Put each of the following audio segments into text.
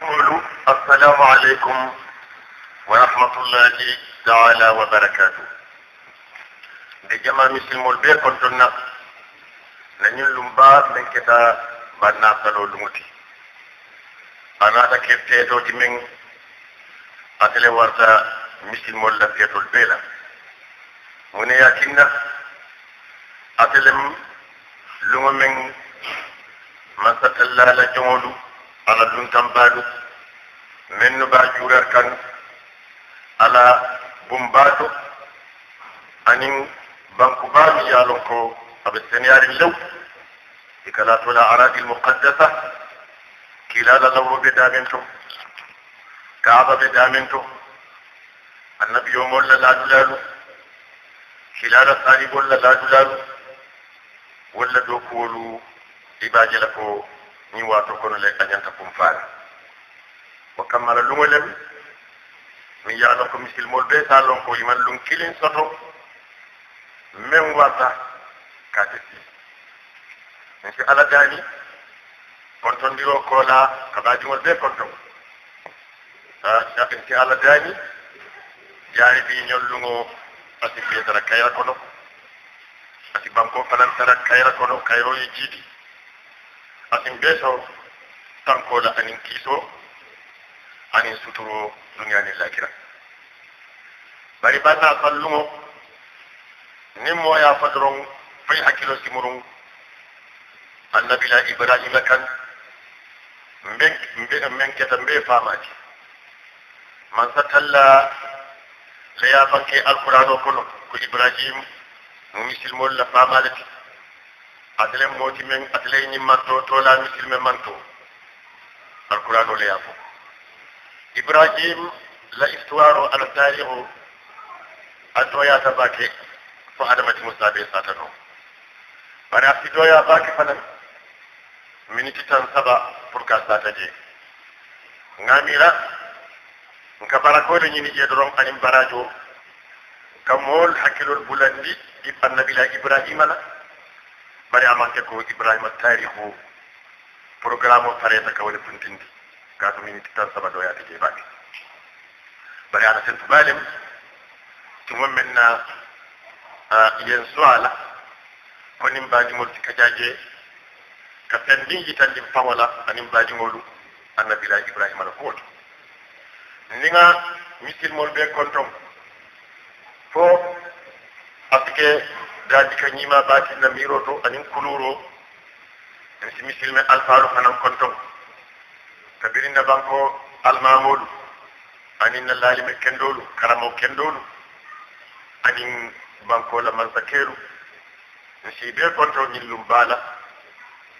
قولوا السلام عليكم ورحمة الله تعالى وبركاته بجمع مسلم البيت كنتنا لنين لنبا من كتا بنا صلو لموتي أنا تيتو تمين أتلي ورطة مسلم اللفية البيلة من يكينا أتلي لنبا من ستلا لجمولو ala dun kan baadu men baa juurar kan ala bum baadu anin banku baalu yaalon ko aɓe seniyaarin lew e kala tola aradi lmuqaddasa kiilaala lawro ɓe daamen to kaaba ɓe daamen to annabi yo molla laalu laalu hilaala saali bolla laalu laalu walla dow kuwolu ibaaje ko ni wato kono le anyanta kum fara wa kamara lungalem mi yalo ko misil mol be salon ko yiman lung kilin soto men wata kate si en fi ala dani konton diro ko la kabaji mol be konton ha ya en fi ala dani jari bi nyollugo ati pietra tara kayra kono ati banko fanan tara kayra kono kayro yi jidi asin be so tankola anin kiso anin suturo duniyanin lakira bari banna kallugo nin moya fa doron fay hakkilo simurun annabila ibrahima kan min keta mbe famaji man sa talla leyafanke alqur'an o kono ko ibrahim mo misilmol la famade ti atele moti men atele ni matto to la misil men manto alquran ole yafo ibrahim la istuwaro ala tarihu ya tabake fo adama adamati musabe satano do ya bake fana miniti tan saba pour ka sataje ngamira nka bara ko ni ni rom anim barajo kamol hakilul bulandi ibn nabila ibrahim la bari amanke ko ibrahima tarihu programme o sareta ka woni puntindi gato miniti tan saba ɗo yaade jeebaɗi bari ana sentu baalem tumon men na yen suwala konin mbaajingol sika jaaje ka fendin yitan ɗin pawola anin mbaajingolu annabila ibrahima no gooto ndinga misilmol ɓe konton fo asike daati ka ñima baati na miro to anin kuluro en si misilme alfaalu fanan konton kabiri na banko almamolu anin na laalime kendolu karamo kendolu anin banko la mansa keelu en si be konto ñillum baala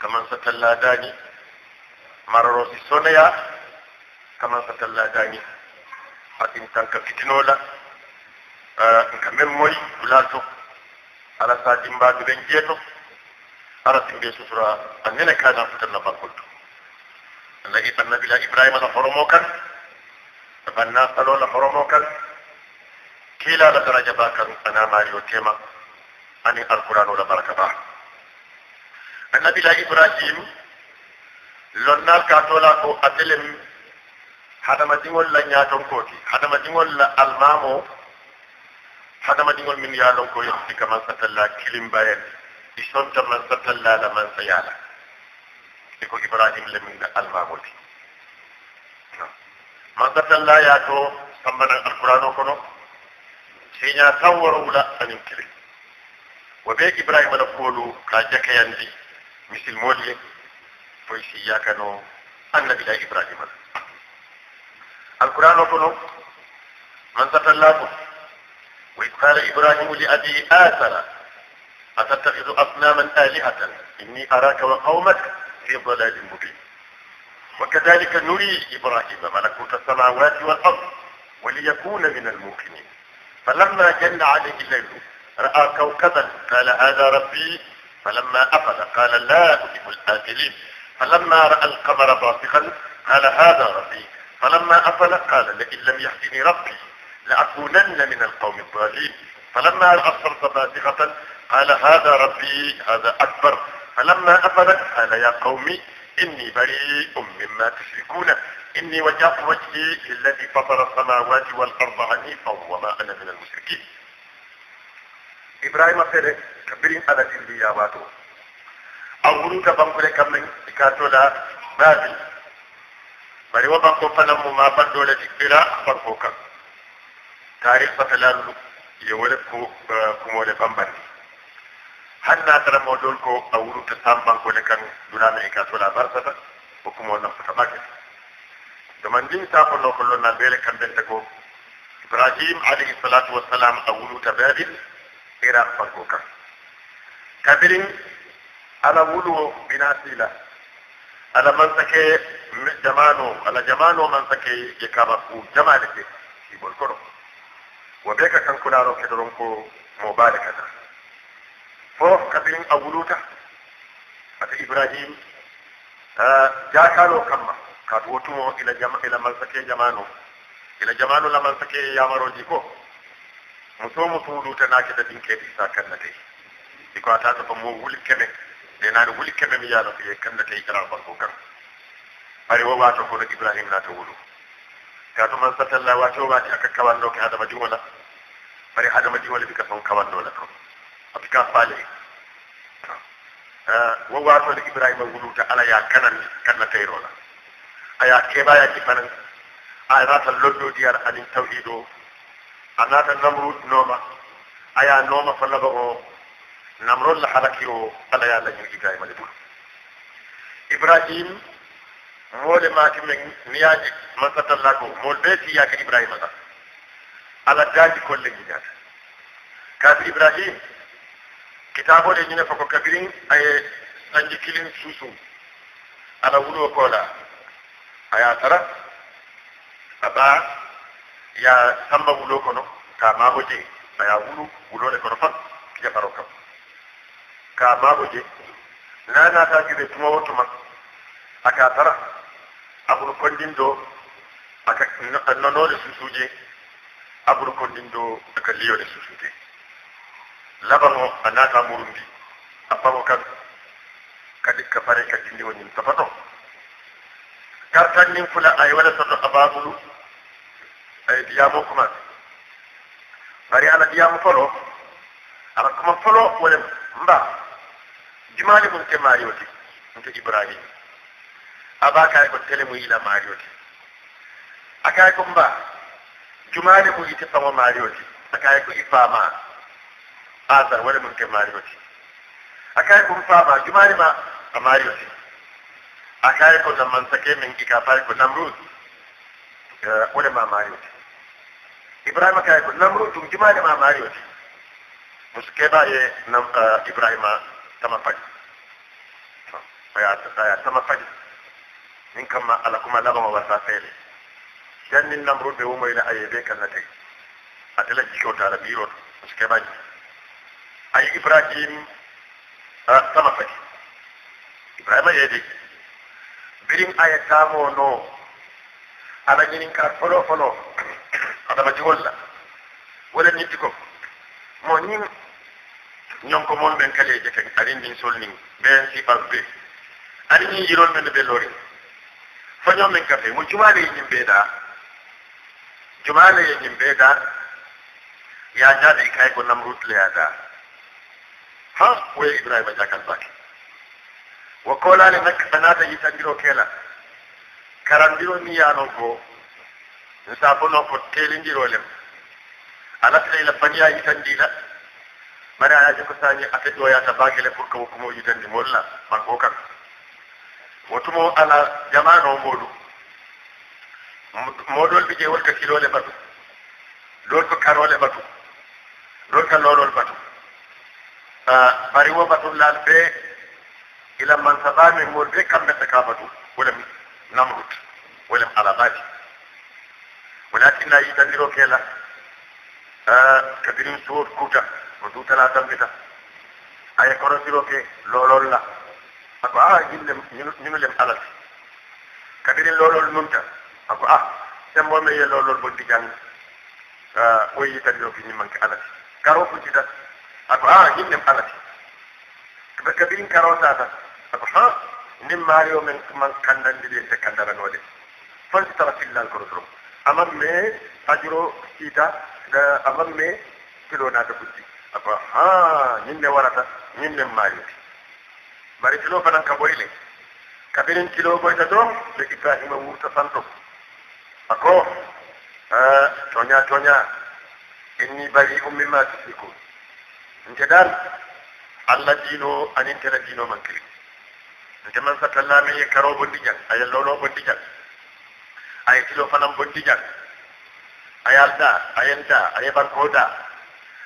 kaman sa talla daani mararo si soneya kaman sa talla daani atin tanka fitinola nka men moy wula to ala sa dimbaji ɓen jeeto ala simbe sutura annene kana futanna bankolto annabi annabila ibrahima la horomo kan banna salo la horomo kan kiila la daraja ba kan ana mario tema ani alqur'an la baraka ba annabila ibrahim lonnal ka tola ko atelem hadama dingol la nyaaton koti hadama dingol la almamo hadamadiŋol min ye a lon ko yahti ka man satalla kilimbayen i sonta man satalla la man sayala iko ibrahim le min da almamoti man satalla ya to sambanan alqur'ano kono siña tan woro wula anin kilin wo ɓe ibrahima la koolu ka jakayandi misilmoolu ye foy si yakano annabila ibrahima la alqur'ano kono man satalla ko وإذ قال إبراهيم لأبي آثر أتتخذ أصناما آلهة إني أراك وقومك في ضلال مبين وكذلك نري إبراهيم ملكوت السماوات والأرض وليكون من الموقنين فلما جن عليه الليل رأى كوكبا قال هذا ربي فلما أفل قال لا أحب الآكلين فلما رأى القمر باسخا قال هذا ربي فلما أفل قال لئن لم يهدني ربي لأكونن من القوم الضالين فلما أبصرت بازغة قال هذا ربي هذا أكبر فلما أفلت قال يا قومي إني بريء مما تشركون إني وجهت وجهي للذي فطر السماوات والأرض أو وما أنا من المشركين إبراهيم فره كبرين على جلدي يا واتو أولو تبنكو لكمن من لا بابل بل wa banko ما mu ma ban tarik fatalalu ye wala ko kumo le bambandi hanna tara mo dol ko awru ta samban ko le kan dunana e kasola barsata ko kumo na fata bakke damandi ta ko no ko na bele kan den ko ibrahim alayhi salatu wassalam awru ta babil ira fanko kan kabirin ala wulu binasila ala man sake jamano ala jamano man sake yakaba ku jamaalike ibol koro wa be ka da roƙe kedoron ko mo baade kata fof abuluta a wuluta ata ibrahim jakalo kamma kaatu ka ila jama ila mansake jamanu ila jamanu la ya maro jiko? muso muso wuluta naketa ta sa kannatey iko ta tafi mo wuli da na da wuli keme mi kan na ye kannatey kala farko kan Arewa ba ta kono ibrahim ta wulu كاتو من سات الله واتو ما تأك كمان لو كهذا مجهولة مري هذا مجهولة بك فهم كمان لو لكم أبيك أفعله وواتو لإبراهيم ولوت على يا كنن كنن تيرولا أيا كبا يا كمان أيا رات اللودو ديار أدين توحيدو أنا تنمرود نوما أيا نوما فلبو نمرود لحركيو على يا لجيو إبراهيم لبولو إبراهيم mole maki men mi yaji man satalla ko mol be si yaka ibrahima ta ala daji kolle ni jata kafi ibrahim kitabo de ñine fako kabirin ay anji kilin susu ala wulo kola aya tara aba ya samba wulo kono ka mabo je aya wulu wulo le kono fat ya baro kam ka mabo je nana ta gire tuma wotuma aka tara a abur kondindo aka nono da susuje abur kondindo aka liyo da susuje labano anaka murumbi apamo kad kadi ka pare ka dindi woni tafato kartan kula a yi wani sato ababulu ay diyamo kuma bari ala diyamo folo ala kuma folo wani mba jumani mun ke Mariyoti, mun ke ibrahim abaka ko tele mu ila mario ti akay ko mba jumane ko yiti fama mario ti akay ko ifama azar wala mun ke mario ti akay ko fama jumane ma mario ti akay ko zaman sake min ka fay ko namrud wala ma mario ti ibrahima kay ko namrud dum jumane ma mario ti muske ba ye nam ibrahima tama fadi ya tama fadi in kama ala kuma lagama wasa fere dan nin namru be wumo ila ayebe kan natai atela jiko ta la biro suke baji ay ibrahim sama fati ibrahim ayede birin ayata mo no ala jinin ka folo folo ada ba jigolla wala ni diko mo ni ñon ko mon ben kale je ken adin din solning ben si par be adin yirol men be lorin fañoo min kafe juma jumaale yin beda juma jumaale yin beda ya ja i kai ko namrutleyaa ɗaa ha woye ibrahima jakal bake wo ne nak anaata kela karan biro ni ya no ko nsaa no ko ala lem la fanya faniyaa yitandiila mara ayaa joko saañi ya ta baakele ko ko wo yi yitandi molla man ko kan wotumo ala jamano moɗum moɗol ɓe je wonta kilole batu ɗon ko karole batu ɗon ka lorol batu bari wo batu lan be ila man sabami ngol be kamɓe saka batu wolem namrut wolem alabadi walakinna yitandiro kela kabirin suwot kuta o dutana tambita aye korosiro ke lolol la ako a ñunu lem alal kadirin loolol nunta ako a sembo me ye loolol bo digan woy yitandi o ki ñimmanke alal karo fuccita ako a ñin lem alal kadirin karo tata ako ha ndin maario men man kandandiri te kandaranode fonti tara fillankoro trop aman me ajuro siita aman me kilonata buddi ako ha ñin ne warata ñin lem maariote bari kilo fanan ka boyle kilo boyta to ɓe ibrahima wurta santo ako toña tonya inni bari um mimma tusriku nte dal allah diino anin tena diino man kiri nte man satallame ye karo bondi jang aye kilo fanan bondi jang ayal da ayen da aye banko da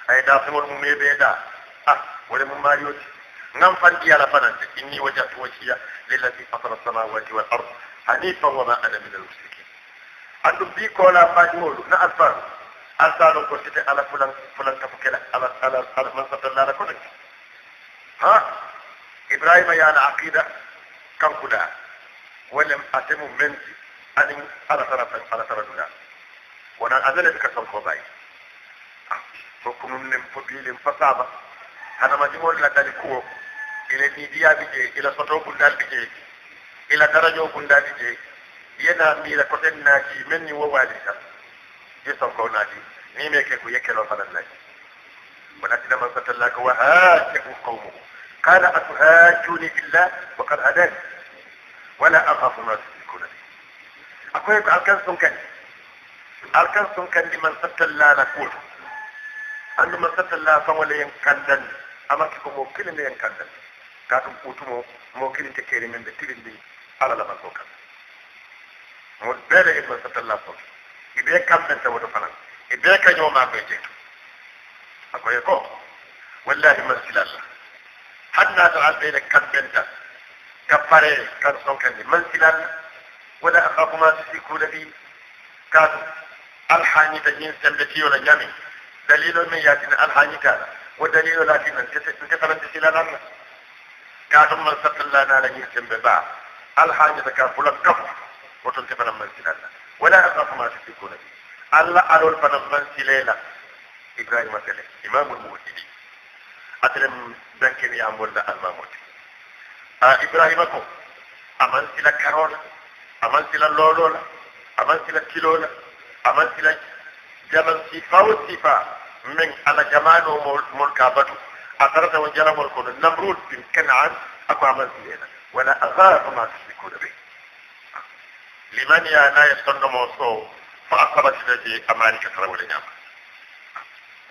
aye dafeŋol mum da ah wole mum mariyoti نعم فردي على فنان إني وجهت وجهي للذي فطر السماوات والأرض حنيفا وما أنا من المشركين أنتم بي كولا فاجمول نا ألفان ألسانو كنت على فلان فلان كفكلا على على على من فطر الله كنك ها إبراهيم يا يانا عقيدة كم كلا ولم أتم من أن على طرف على طرف دولا وانا أزل بك سنكو باي فكم من فبيل فصعبة أنا ما جمول لدى الكوكو ila didiya bije ila soto kundal bije ila darajo kundal bije yana mira koten naji menni wo wali kam yeso ko naji ni me ke ku yekelo fana naji wala tina man satalla ka wa hajahu qawmu qala atuhajuni billah wa qad hadani wala akhafu ma tushrikuna bi akwai alkan sun kan alkan sun kan di man satalla na kudu andu man satalla fa wala yan kandan amaki ko mo kilin yan kandan tatum ɓutumo mo kini tekkeri men ɓe tirindi ala lamal ko kam mo ɓeele ibno satalla fo iɓe kamɓen tawoto fanan iɓe kañoma koye jeeto akoye ko wallahi masilallah hanna to alɓeyɗe kamɓen tan ka pare kan sonkandi mansilal wala akhafu ma tushrikuna bi kaatu alhañita ñin sembe tiyola ñami dalilo min yatina alhañitala wo dalilo latina nte tanante silalanna yaata mun sakalla na la yin sembe ba al hajata ka fula kaf wato te fana man silalla wala aqaf ma tusikuna bi alla alol fana man silela ibrahima sele imamul muwahhidi atlem danken ya mbonda al mamudi a ibrahima ko aman sila karola aman sila lolola aman sila kilola aman sila jaman sifa wa sifa min ala jamano mulka batu اقرنا وانجرى مركون النمرود بن كنعان اكو عمل زينا ولا اغار ما تشركون به لمن يا انا يستنى موصو فاقرب سيدتي اماني كثره ولا نعم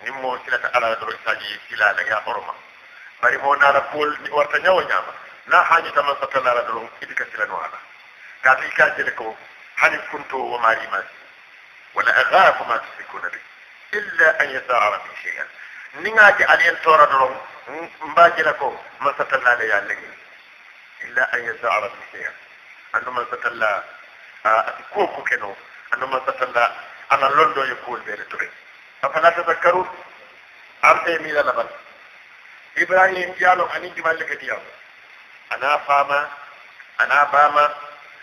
نمو سيدتي على دروس تاجي سلالة حرمة بري هو نارا فول ورطة نعم لا حاجة ما سطل نارا دروم إذا كثيرا نوانا قاتل كاتل لكو حني كنت وما لي ما ولا أغاف ما تشركون به إلا أن يتعرف شيئا نياتي علي تورا دروم مباجي لكو ما ستلا لي يعني إلا أن يسعى ربي أنه ما ستلا آه، كوكو كنو أنه ما ستلا أنا لندو يقول بيرتوري أفلا تذكروا أرتي ميلا لبن إبراهيم جالو أني جمال لك ديام أنا فاما أنا باما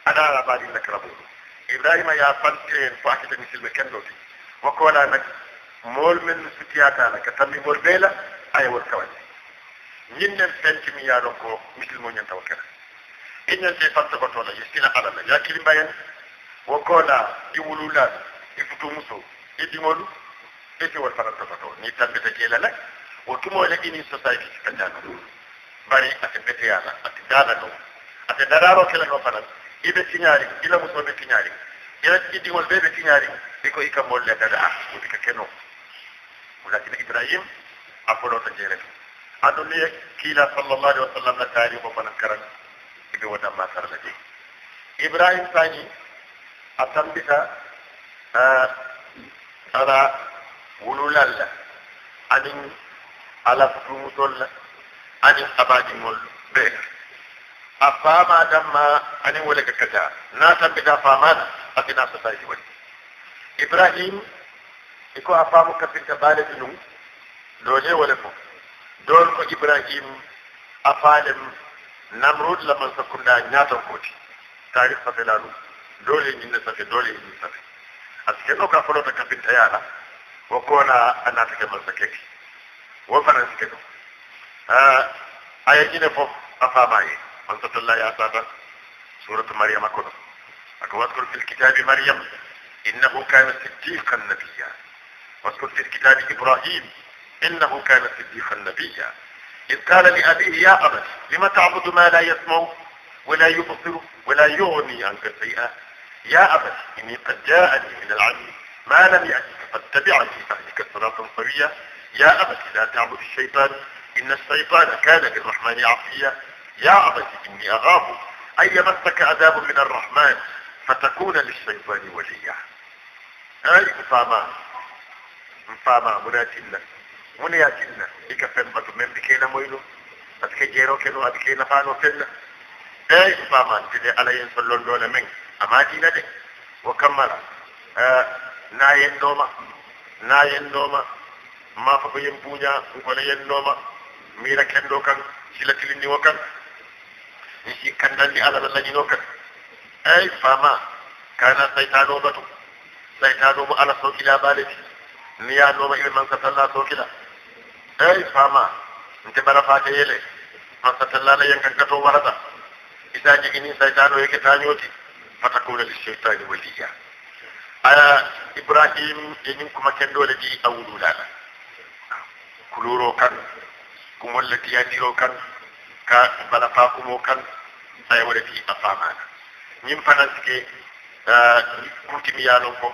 أنا ربالي لك ربو إبراهيم يا فانتين فاكتا مثل مكندوتي وكولا مكتب mool men no sitiyatala ka tammimol beela aya won kawaje ñinnen pencimi yaɗon ko misilmo ñanta wo kera iñante fantogotola yo sila alala yakkili mbayen wo koola i wululaɗo i futumuso i ɗiŋolu e fiwol fana togoto ni tambita jeela lak wo tumole ini society sika jano bari ate beteyala ate daala ɗo ate dararo kela ɗo fanan iɓe tiñaari ila musoɓe tiñaari ila i ɗiŋol ɓe ɓe tiñaari ɗi ko ika molle dada a woɗi ka keno ولكن إبراهيم أفضل تجيرك أدوني كيلا صلى الله عليه وسلم تاريخ وفنا كرن إبي ودا ما سر إبراهيم ثاني أتنبتا آه أنا ولولا الله أنين على فتومت الله أنين مول بينا أفاما دما أنين ولك كتا ناتا بدا فامانا أكنا ستايد إبراهيم iko a famu kafin ta bale dinu dole wala ko dole ko ibrahim a falem namrud la man sakunda nyata koti tarikh fa lalu dole ni ne sake dole ni sake aske no ka folo ta kafin ta yala wa kona ana ta kaman sake ki wa fara sake ko a ayaji ne fo afa baye man satalla ya sada suratu maryam ko akwa zkur fil kitabi maryam innahu kana siddiqan nabiyya واذكر في الكتاب إبراهيم إنه كان صديقا نبيا إذ قال لأبيه يا أبت لم تعبد ما لا يسمع ولا يبصر ولا يغني عنك شيئا يا أبت إني قد جاءني من العلم ما لم يأتك فاتبعني أهلك صلاة قوية يا أبت لا تعبد الشيطان إن الشيطان كان للرحمن عصيا يا أبت إني أغاب أي مسك عذاب من الرحمن فتكون للشيطان وليا هاي أسامة mfama muna tinna muna ya tinna ika fen batu men bi kena moyno parce que jero keno abi kena fano fenna eh mfama tide ala yin sallon dole men amma dina de wa kammala na yendoma na yendoma ma fa ko yembuja ko la yendoma mira kendo kan sila tilindi wo kan si kandandi ala la jino kan eh fama kana saytano batu saytano mu ala so kila balati ni ya do ba ilman ka talla so kida ai fama nte bara fa ta yele man ka talla la yankan ka to warata ita jigini sai ta do yake ta nyoti fata ko da shaytani waliya aya ibrahim yenin kuma kendo da di awulu lana kuluro kan kuma lati ya diro kan ka bala fa kuma kan sai wada fi afama nim fanan ke uh, kutimi yalo ko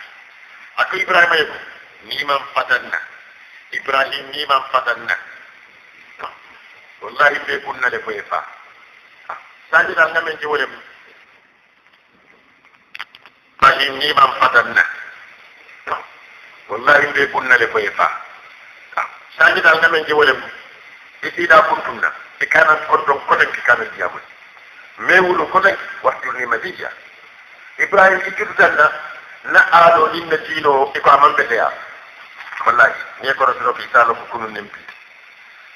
ako ibrahima yeko niman fatanna ibrahim niman fatanna wallahi ɓe kunnale koye fa sajidal ngamen jewolem ibrahim niman fatanna wallahi ɓe kunnale koye fa sajidal ngamen jewolem iɗiɗa kuntumna e kanan koddon koten ke kanan diyamun mais wulu koten wartirnima diya ibrahim i juttutanna na iko e a man eko aman ɓeteya wallahi ni ko rafiro ko italo ko kunu nempi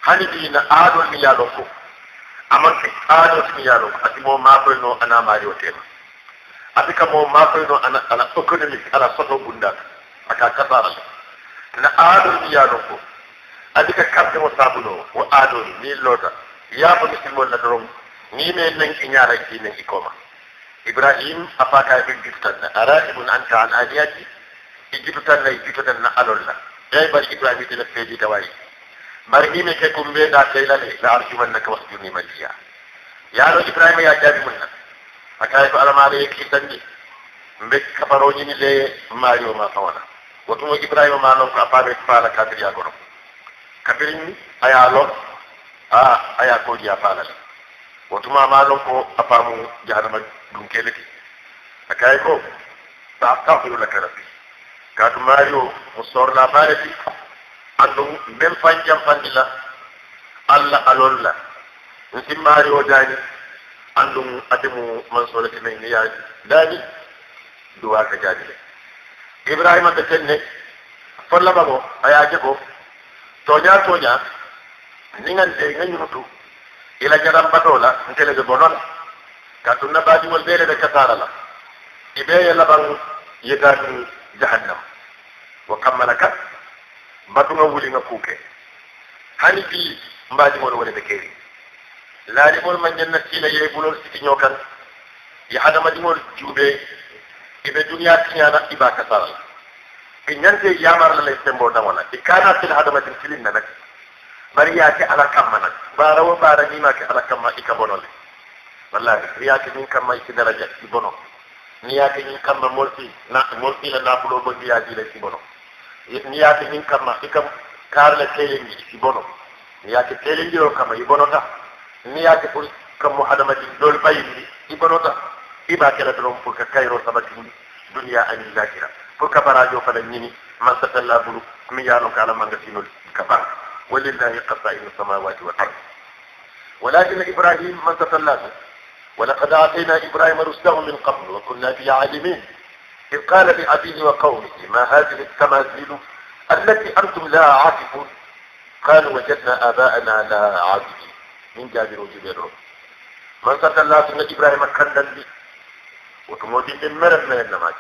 hani bi na aɗo mi yaɗo ko aman ke aɗo timi yaɗo ko ati mo makoyno ana maari o tema ati ka mo no ana ana économique ala soto gundata aka kasarala na aɗo mi yaɗo ko ati ka kamɓe mo sabulo wa aɗoni ni loota ni misilmol na doron ni me nanki e ñaara ki nanki koma ibrahim afaka ibn giftan araibun anka an aliyati ijitan lay jitan na alolla day bar ibrahim dina feji tawai bari ime ke kumbe da kailale la arjuman naka wasjuni maliya yaro ibrahim ya jabi munna akai fa alamare yake tanni mbe kafaroji ni le mario ma fawana wato ibrahim ma no fa fa fa la kafir ya gono kafirin aya lo a aya ko ya fa la wato ma ma lo ko afamu jahannama ɗumkeleki a kayi ko ta tafuɗo la karafi kaatu maario mo sorla baare ti andu mben fan jamfandi la allah alol la n si maario daani andu atemu mansolati men ya daani duwa ka jaadi le ibrahima ɓe ten ne follaɓago a yaaje ko toña toña ni ngande nga ñunutu ila jarambatola ntelege bonola katun na badi wal bere da katarala ibe ya laban yidani jahannam wa kammala kat matunga wuli nga kuke hani bi mbadi wal wala da keri laari bol man janna sila ye bulol siki nyokan ya adama di wal jube ibe dunya tinyana iba katarala inyante yamar la lay sembo damona ikana til adama tin silin nak bari ya ci ala kamma nak barawo bara ni ma ki ala kamma ikabonole wallahi ni yake min kam mai ci daraja ci bono ni yake min kam ma molti na molti la na bulo bo ni yake le ci bono ni yake min kam ma ikam kar la tele ni ci bono ni yake tele ni ro kam yi bono ta ni yake pour kam mu adama di dol bayi ni ci bono ta iba kala dron pour ka kayro sabati dunya ani zakira pour ka barajo fala ni man satalla bulu mi yalo kala manga sinol ka bar ولله قصائد السماوات والارض ولكن ابراهيم من تسلى ولقد آتينا إبراهيم رسله من قبل وكنا به عالمين إذ قال لأبيه وقومه ما هذه التماثيل التي أنتم لها عاكفون قالوا وجدنا آباءنا لها عاكفين من جابر وجبير من قتل الله سنة إبراهيم كندن لي وتموتي لمرم من النماج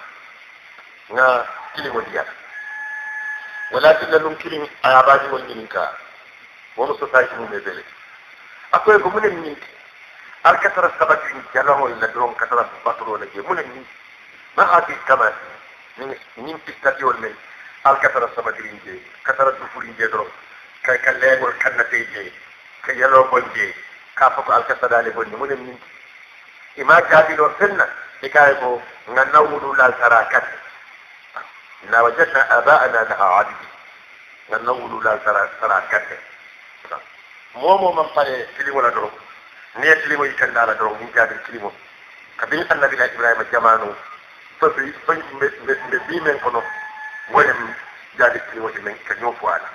نا كلمه وديا ولكن لهم كلي آباني والمنكا ومستطاعتهم بذلك أقول لكم من المنكا هل كسر في جله ولا درون كسر البطر ولا جيمون النين ما هذه كمان الكمال نين تستطيع والمين هل كسر في جي كسر الدفور جي درون كي كلاغ والكنتي جي كي يلو بون جي كافك هل كسر دالي بون نمون من إما جابي لو سنة إكايبو ننولو لا إن نوجدنا آباءنا لها لا ننولو مو مو من طريق سليم ولا درون ni ya silimo yitanna ala doro mun jaabir silimo kabin annabi la ibrahima jamanu fabi mbe bi men kono wolem jaabir silimo ti men ka ñoo fo ala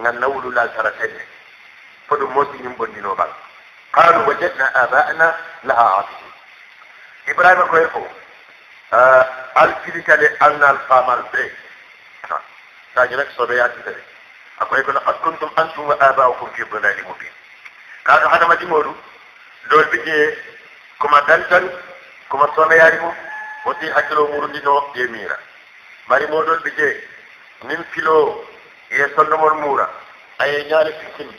ngan nawlu la tara tede fodo mosi ñim bondino bal qalu wajadna aba'ana laha abidin ibrahima koye ko alkilikale alnal famal be kañu rek sobe yatitade akoye ko laqad kuntum antum wa aba'ukum fi dalalin mubin kaatu hadama dimoɗum lol bi je kuma dantan kuma sona yari mo woti hakkilo murundi no e mira mari mo dol bi je nin filo e sonnomol muura aye ñaale fikkini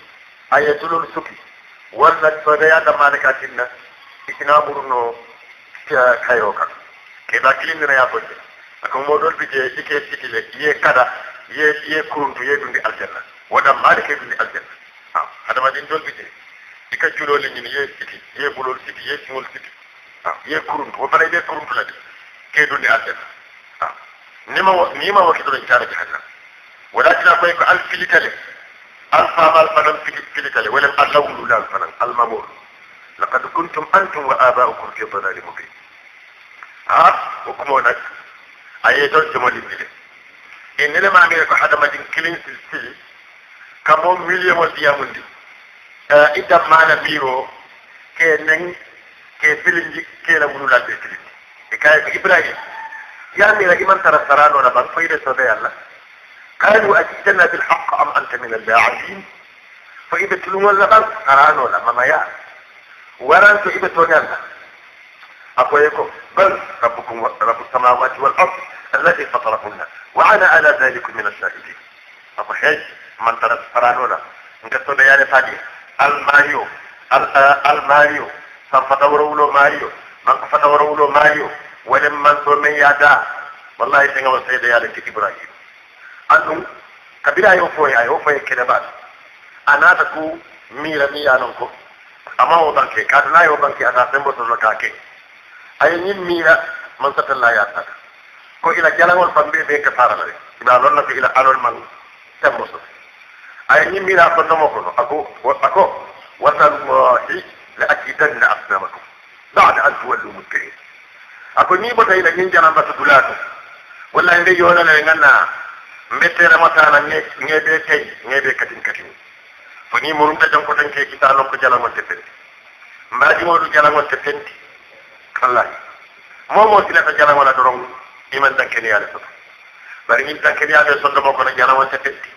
aye tulol suki walla sodeya damane ka tinna ikina ɓurno kayo kan keɓa kilindina yakoje ako moɗol bi je ike sikile ye kada ye ye kuruntu ye ɗumdi aljanna waɗan maɗe ke ɗumdi aljanna adama ɗin dol bi je i ka juloo le ñini ye siki ye bulol siki ye siŋol siki ye kuruntu wo fana i be kuruntu la de kee dundi aljanna nima nima wakki doro itaara jahannam walatina koye ko alfilitale alfaama alfanan filitale walem allawlula alfanan almamour laqad kuntum antum wa abaukum fi dalali mubin ha wo kumo nag a yeetol jomolindi de e nene maamire ko hadamadin kilin sil sili kamo million o ndiyamundi idan mana biro ke nan ke filin ke la wulu la be filin e kay ibrahim ya mi la iman tara sarano na ban fayda so da yalla qalu ajidna bil haqq am anta min al ba'in fa ibe tulun wala ban sarano la mama ya waran to ibe to yalla akoye ko bal rabbukum rabbus samawati wal ard الذي فطرهن وانا على ذلك من الشاهدين اكو حج من ترى سرانولا انت تو يعني فاديه المايو آه، المايو سنفتورولو مايو من فتورولو مايو ولم من سومن يادا والله سنغا وسيدا يا لك إبراهيم أنو كبيرا يوفوي يوفوي كلبات أنا تكو ميرا ميا ننكو أما هو بانكي كاتنا يو بانكي أنا سنبو تزلكاكي أي نين ميرا من ستلا يادا ko ila jalangol fambe be ka farala de ila lonna ko ila alol man tembo sofi أي نمينا فنمخنا أكو أكو وتالله لأكيدن أقدامكم بعد أن تولوا مدبرين أكو نيبو تايلا نينجانا بسدولاتو ولا يري يونا لنغانا متر متانا نيبي كي نيبي كتن كتن فني مرم تجنكو تنكي كتالو كجالا متفنتي مبادي مولو جالا متفنتي الله مومو سلطة جالا ولا درون إيمان دنكني على سطح بارين دنكني على سطح موكونا جالا متفنتي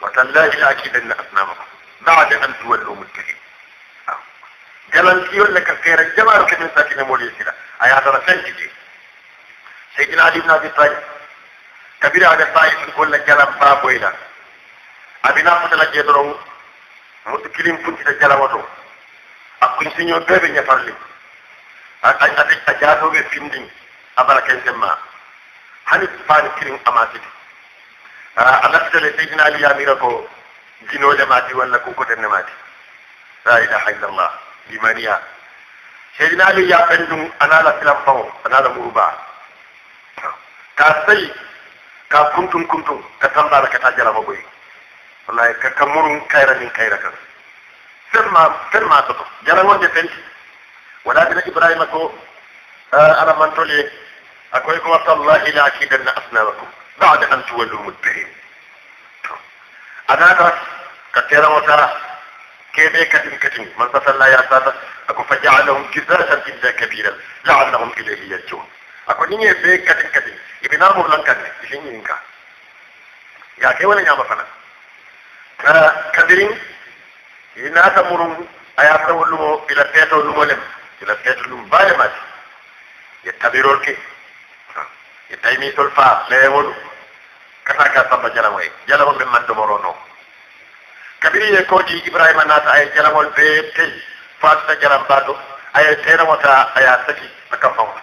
وتالله لأكيدن أصنامكم بعد أن تولوا مدبرين jalantiyon la kakkeera jabaaro kemin sakine mooliyesila a yaatara fenkiti seydina ali ibne abi talib kabira ada sayid golla jalam baa boyla abina fotala jee doron mutu kilim puntita jalama to a kunsiño beeɓe ñafarli a jaatooɓe fimndin a bara kensen ma hani faani kirin amasiti ala tele sayyidina ali yamira ko jinoje mati walla ko koten mati la ilaha illallah limaniya sayyidina ali ya pendum anala filam fawo anala muruba ka sai ka kuntum kuntum ka tambara ka tajala ko boy wallahi ka kamurun kayra min kayra kan ferma ferma to jara wonde penti wala dina ibrahima ko ala man tole akoy ko wallahi la akidanna asnamakum بعد أن تولوا مدبرين أنا كثيرا وترى كيف كتم كتم من تصلى يا سادة أكو فجعلهم جزاء جدا كبيرا لعلهم إليه يرجون أكو نيني بي كتم كتم ابن أمر لن كتم إشين ينكا يا كي ولا نعم فنا كبيرين إنا تمرون أيا تولوا إلى فيتو لمولم إلى فيتو لمبالمات يتبيرون كي e tawi tolfa leewoɗu kata ka samba jalamoye jalamo ɓe man domorono kabiri e kooɗi ibrahima naata aye jalamol be teyi fatuta jalam baɗo aye teenamota aya saki a kam fawna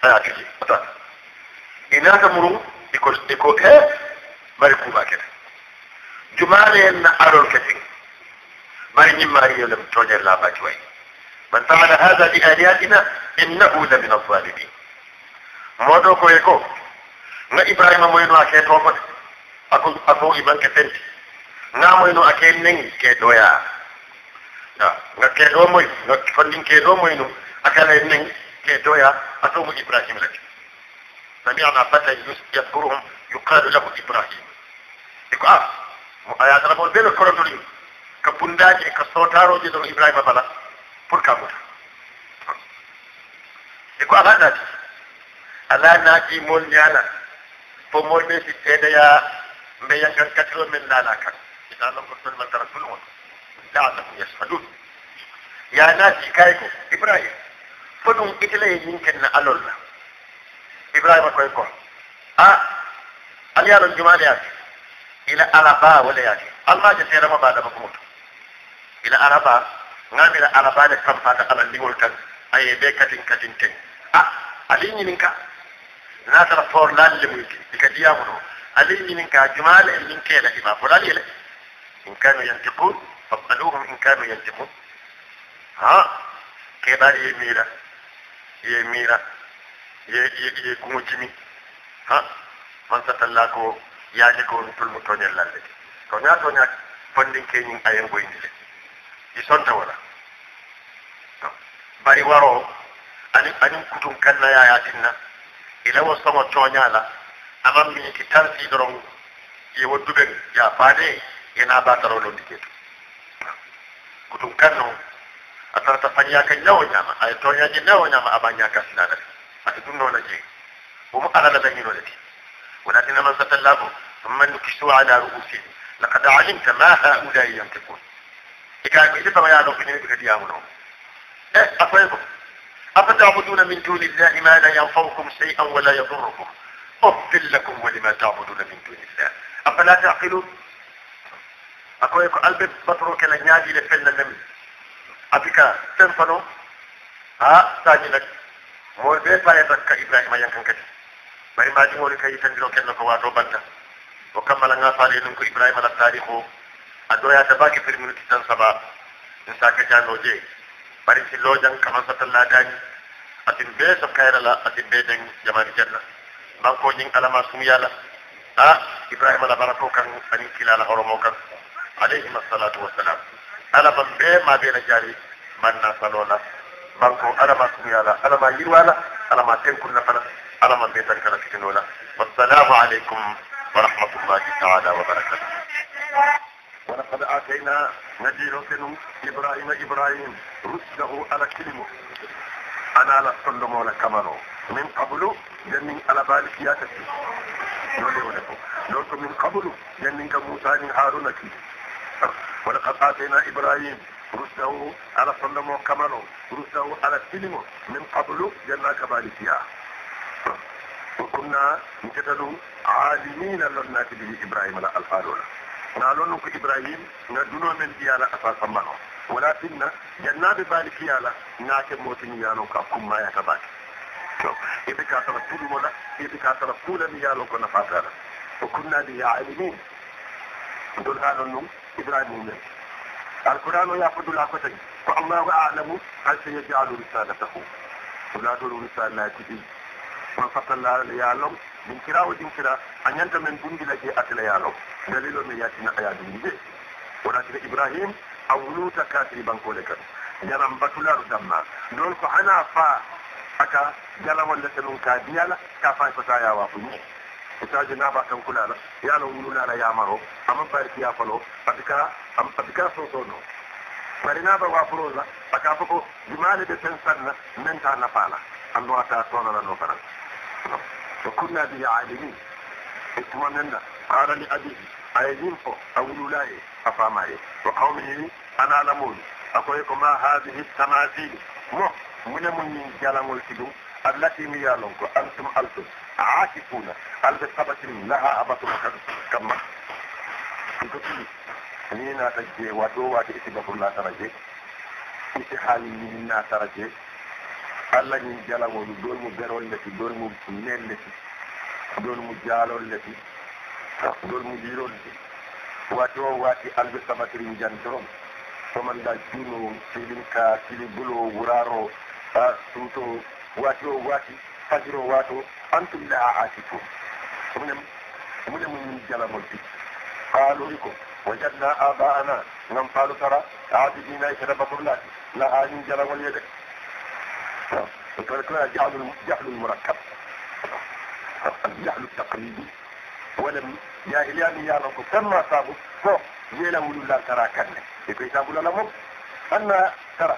aya tigi ata i naata murum eko eko he mari kuuɓa kete jumaale en na aɗol keten mari ñimmaari yo lem tooñere laabaki wayi man faala hada bi aliyatina innahu la min alzalimin moɗo koye ko na ibrahima moyno a ke tokoɗe ako ako imanke fenti na moyno a ke nengi ke ɗoya ga ke ɗo moy konɗin ke ɗo moyno akala nengi ke ɗoya atomo ibrahima lati سمعنا فتى يذكرهم يقال له ابراهيم iko a aya tara bon belo korondoli ka bundaji ka sotaroji don ibrahima bala pour ka muta iko ala dati ala naati mool ñaana fo mool be si teedaya mbeya gan katiro men naana kan ita lon ko tol man tara tulon la'allakum yasmadun ya naati kay ko ibrahim fo dum itela yi ñin ken na alol la ibrahim ko ko ah, a ali ala jumaale ya ila araba wala ya allah yaake almaje seerama baɗama ko mutu ila araba ngamira araba de kam fa ta ala ndiŋol kan aye be katin katin ten a ah, ali aliñinin ka na tara for lal le mu ka diya mu alai min ka jumal in min kela ima fulal yele in kanu yantiqun fasaluhum in kanu yantiqun ha ke ba ye mira ye mira ye ye ye kuma jimi ha man satalla ko ya je ko tul mu tonyal lalle to nya to nya fondin ke nyin ayen boy ni i sonta wala bari waro ani ani kutum kanna ya yatinna ila wo soŋo tooñaala aman min ki tansi doron ye wo duɓen ya faade ye na bataro londi keetu kutum kan no a tarata fañaka ñawo ñama aye tooñaji ñawo ñama aba ñaka sinanade ate ɗum noona jeeyi womo alala dañinole ti walakin man satallahu thumma nukisu ala ruusihim لقد علمت ما هؤلاء ينطقون إذا كنت فما يعلم بني بك ديامنا إيه أفايبه أفتعبدون من دون الله ما لا ينفعكم شيئا ولا يضركم أفل لكم ولما تعبدون من دون الله أفلا تعقلون أقول لكم ألب بطرك لنادي لفل النمي أبكى تنفنو ها ثاني لك مول بيت لا يتكى إبراهيم ينكن كده بري ما جمول كي تنزلو كنو كواتو بنتا وكما لنا فالي لنكو إبراهيم على التاريخ أدوية تباكي في المنطقة تنصبا نساكي جانو جيه bari sillo jang kama satalla gani atin be so kayrala atin be den jamani janna banko nyin alama sum yala a ibrahima la barako kan anin kilala horomo kan alayhi assalatu wassalam ala ban be ma be la jari manna salola banko alama sum yala alama yirwala alama tenkun na fana alama be tan kala fitinola wassalamu alaikum wa rahmatullahi ta'ala wa barakatuh ولقد آتينا لوطن إبراهيم إبراهيم رشده على كلمه أنا لا سلمون كمانو من قبل جنين على بالك يا تسي لوكم من قبل جنين كموسى من هارون ولقد آتينا إبراهيم رشده على سلمون كمانو رشده على كلمه من قبل جنة كبالك يا وكنا نكتلو عالمين لنا كبير إبراهيم الألفان نالون كو إبراهيم ندنو من ديالا أساسا منه ولكن جناب بالك يالا ناك موتني يالو كاكم ما يكباك إذا كاتر كل ولا إذا كاتر كل ميالو كنا فاتر وكنا دي عالمين دول هذا نم إبراهيم القرآن يأخذ العقتين فالله أعلم هل سيجعل رسالته ولا دول رسالة دي ya yalom ɗum kirawo din kira a men bundi la ke atela yalom dalilo mi yatina aya wala wonatina ibrahim a wuluta kasiri bankole kan ñaram batularu damma don ko ana fa aka wala te ɗum ka diyala ka fa ko ta ni. sa yawa fo ñi itaji naɓa kankulala yalo wululala yamaro ama ya falo patika am patika so no bari wa wafurosa aka fa ko jumale de pen sanna men ta nafala anndo ata tonana no fanan الاسلام وكنا به عالمين اتمنى قال لأبيه أيدينكم أو الولاية أفامعي وقومه أنا لمون أقول ما هذه التماثيل مو من من جلم الكدو التي ميالونكو أنتم ألتم عاكفون ألف سبت لها أبط كما ni na ta je wato wata ita ga kullata raje ita halin allah ñin jalaŋolu doolu mu berol le ti doolu mu neel le ti doolu mu jaalol le ti doolu mu yiirol le ti waati o waati albe sabatirin jantorom somanda juuno silin ka sili bulo wuraaro suuto waati o waati fajiro waato antum la aatito mune mune muñin jalamol ti qaalori ko wajadna abaana ngam faalu tara aabidina e keta bakurlaati la haañin jalamol ye de وكانت لها جعل جعل المركب الجعل التقليدي ولم يا إلياني يا رب كما صابوا فوق زيلا ولو لا ترى كنا يكوي صابوا لنا أنا ترى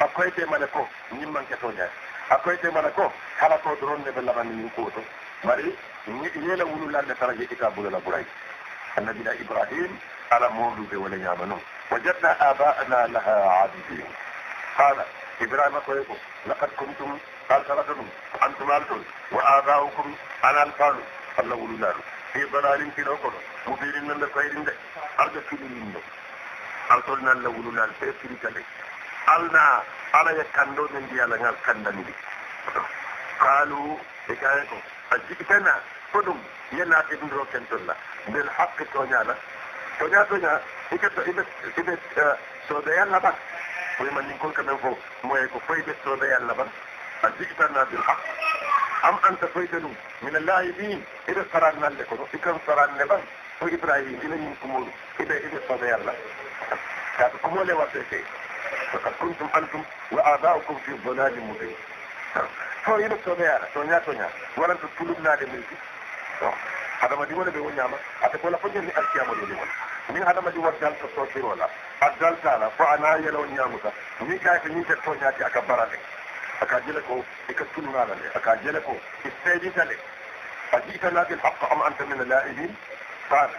أكويت ملكو نمان كتونيا أكويت ملكو حلقو دروني نبلا من ينكوتو مري زيلا ولو لا ترى يكتابوا لنا براي النبي إبراهيم على موضوع ولا يامنون وجدنا آباءنا لها عابدين قال إبراهيم كويكو لقد كنتم قلتلتم أنتم ألتم وآباؤكم أنا الفالو الله ولولارو في ضلال في الأقر مبير من الخير ده أرجو إيه في الإنه أرسلنا الله ولولار في سيرك ألنا على يكندو من ديالا نال كندني دي قالوا إكايكو أجيكتنا كنم ينا ابن روكن تلا بالحق تونيانا تونيانا تونيانا تونيا إكتو إبت إبت سوديان لبك ɓoye manndin kolka men fof moye ko foyde tooɓe allah ban a jigtanna bil haq am anta foyde ɗum mina laayibin eɓe farannalde kono ikan faranne ban o ibrahima ina ñin kumoɗum eɓe eɓe tooɓe allah kaɓe kumole watte ke fakad kuntum antum wa abaukum fi dolali mubin to ina tooɓe ara toña toña waranto tulumnade men fi hadamadi wona ɓe woñama ata kola fo ñanni alkiyama ɗo ni wona min hadamadi wartal to sotirola addal tala fo ana yelo nyaamuta ni kay ko nyinte to nyaati aka barale aka jele ko e ka tunu ngala le aka jele ko istedi tale ajita la bil haqq am anta min al-la'ibin qal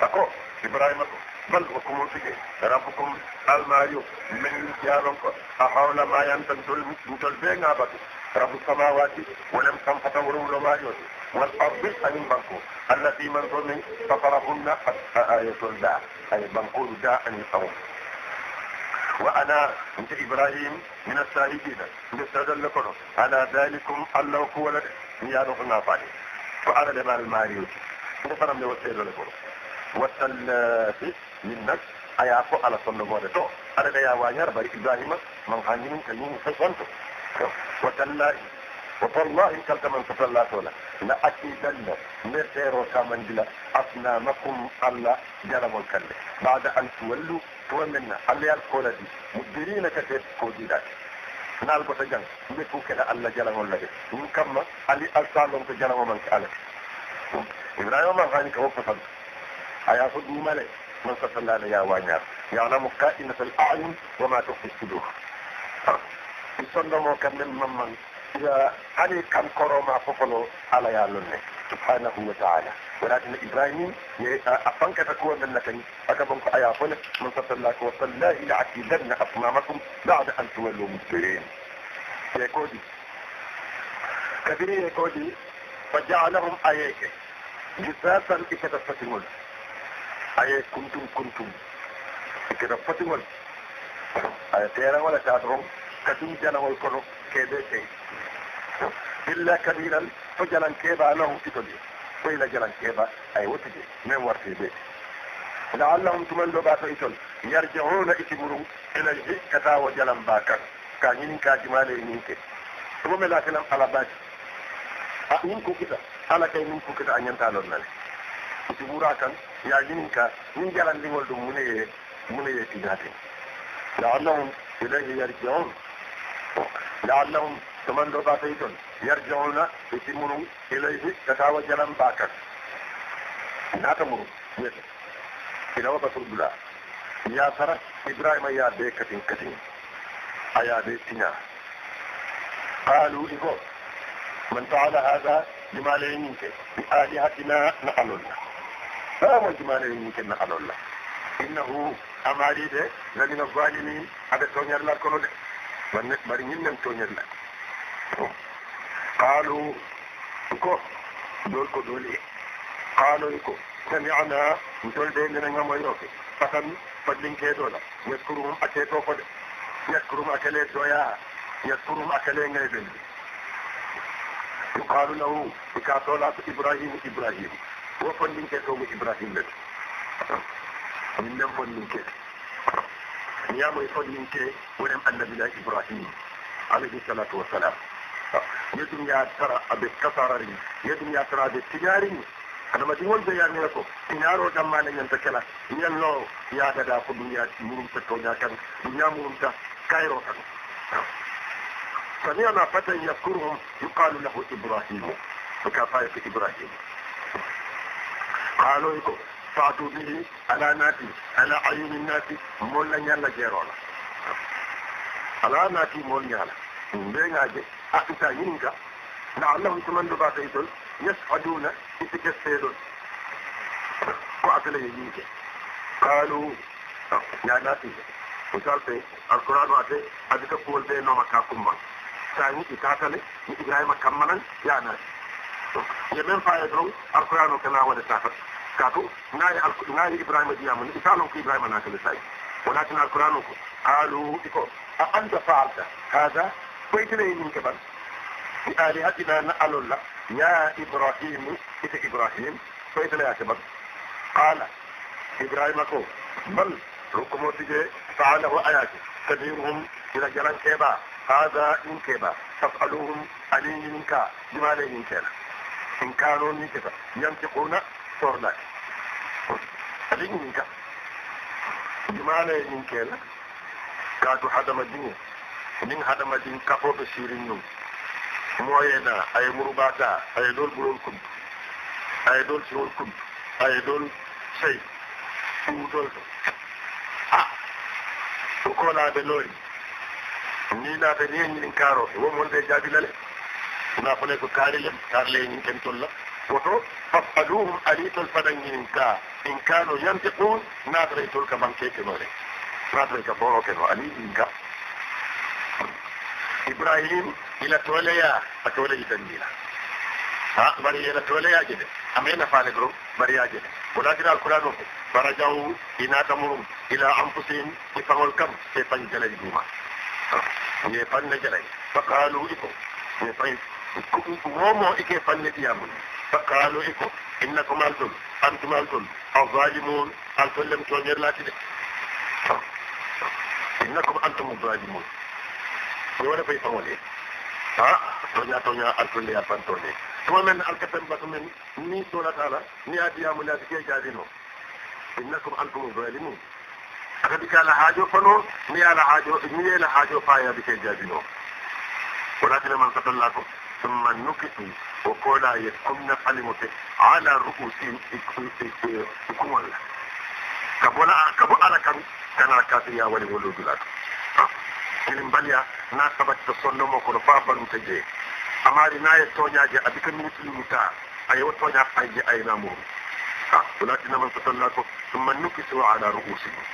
ako ibrahim ko bal ko mo tike rabbukum al-mariyu min yalon ko a hawla ma yantan dol dol be ngaba رب السماوات ولم كم فتور وما يوتي والأرض أمين بنكو التي من ظلم فطرهن آية الله المنقول جاء عن الأمر وأنا أنت إبراهيم من السالكين أنت استدل لكم على ذلك الله هو لك نيانه النافعي فأنا لما الماريوت أنت فرم لوسيل لكم وسلافي منك أيا فو على صلى الله عليه وسلم أنا يا وانير بري إبراهيم من غنيم كلمة فسنتو وتالله والله كلك من تصلى تولى لا اكيدن نسير كما نجلا اصنامكم الله جل وكل بعد ان تولوا تومن الله يقول دي مديرين كتب كودي داك نال كو تجان ميكو كلا الله جل وكل ثم كما علي اصالون كو جل ومن قال ابراهيم ما كان كو فصل ايا خد ملك من صلى الله يا وانيا يا نام كائنه الاعين وما تخفي الصدور صلى الله وكلم من من ya ali kam koroma fofolo ala ya lonne subhanahu wa ta'ala ولكن إبراهيم أفنك تكون من لكن أكبر آية فلك من صلى الله عليه وسلم لا لأعتذن أصنامكم بعد أن تولوا مدبرين يكودي كبير يكودي فجعلهم أيك جساسا إكتفتهم أي كنتم كنتم إكتفتهم أي تيرا ولا تادرهم كتم تيرا والكرم كيدي كيدي illa kabiran to jalan keɓa lahu titoli ɓoyla jalan keɓa ay wotije min wartiɓe laallahum tumen ɗo ɓa to itol yarjauna itiɓurum ila hikata wo jalan ba kan ka ñinin ka jimale ñinke ɗumo me latilam ala baji a ñin kukita ala kay min kukita a ñantalon nane itiɓura kan ya ñinin ka min jalan ɗigol ɗum muneye muneye tiñaten laallahum ilayhi yarjiun laallahum toman ɗo ɓatay ɗon yarjauna e timmunum ilayhi katawa jalan bakar nata muru wiyete ina waka turdula yasara ibrahima yaade katin katin a yaade tiña qalu iko man faala hada jumale ñinke bi alihatina naalolla amo jumale ñinke naalolla innahu amari de lamina zalimin aɓe toñerla kono de bari ñin nen toñerla قالوا دول ko dole إيه؟ قالوا ko سمعنا دول دي من نغم نعم يوكي فتن فدين كيدولا يذكرهم أكيتو فد يذكرهم أكلي تويا يذكرهم أكلي نعم غيبين يقال له بكاتولا إبراهيم إبراهيم وفدين كيتو إبراهيم لك من لم نعم فدين كيتو نيامو يفدين كي ولم أن بلا إبراهيم عليه الصلاة والسلام yedum ya tara abe kasarari yedum ya tara abe tijari hada mati wonde ya ne ko nyaro damma ne nyanta kala nyallo ya gada ko duniya murum ta to nyakan duniya murum ta kairo kan سمعنا فتى يذكرهم يقال له ابراهيم وكفايه ابراهيم قالوا يقول فاتوا به على ناتي على عيون الناس مولا يلا جيرونا على ناتي مولا يلا mbeeŋaaje aɗɗuta yininka laallahum so manduɓa tawi toon yasaduna isi kesseeɗon ko asala yo yinke qaalu ñaɗaatiɓe misal te alquran o ate adi ka kuwol ɓe nooma ka kumma sa ñiɗi tatale ñi ibrahima kammanan yaanaati yo men faye doron alquran o kana waɗa tatat kaatu ngaye ngaye ibrahima jiyamani isalon ko ibrahima naakale sayi walakin alquran o ko qaalu iko a anta faalta hada koytene min ke ban bi alihatina na alolla ya ibrahimu ite ibrahim koytene ake ban qala ibrahima ko bal rukumotije faalahu ayake kabiruhum ila jaran keɓa hada in keɓa tafaluhum alininka jimale in kena in kano ni keta yantiquna sorlake alininka jimale in kena katu hadama dinie nin hadamadin kafoɓe sirin num moyena aye murubata aye ɗol ɓurol kumtu aye ɗol siwol kumtu aye ɗol sey ɗuɗol ɗo a ko kolaɓe loori ni naata ni en ñinin kaaroɓe won wonde jaabilale nafone ko kaarilem kaarle ñin ken tolla woto fafaluhum alitol faɗan ñinin ka in kano yantiqun naatare tol ka banke kenoore naatare ka boro keno ani ɗin ka ابراهيم الى توليا اتولي ಇಬ್ರಾಹಿಂ بري الى توليا ಬರೀ ಇಲತ್ವಲೆ ಆಗಿದೆ ಆಮೇಲೆ ಫಾಲೆಗಳು ಬರಿಯಾಗಿದೆ ولكن القرآن فرجعوا إلى تمر إلى أنفسهم يفعوا كم في فنجل دوما ني فنجل فقالوا ايكو ني إكو يفعوا ومو إكي فعوا ديامون فقالوا ايكو إنكم أنتم أنتم أنتم الظالمون أنتم لم تنير لاتي إنكم أنتم الظالمون ni wala fay sangole ha tonya tonya alfun ya fantole to men alkatam ba men ni sola tala ni adiya mu la ke jadino innakum antum zalimun akadi kala hajo fano ni ala hajo ni ala hajo fa ya ke jadino wala tele man katalla ko ثم نكتوا وقولا يتكمنا فلمت على رؤوسهم يكون كبولا كبولا كان كان كافيا ولي ولود لكم silinbaliya na sabatita sondomo kono fa baluta je amari na ye toñaje abi ka minitiluta aye wo toña fayje aynamuru ha walakinnaman fatalla ko summa nukisu ala ruusihim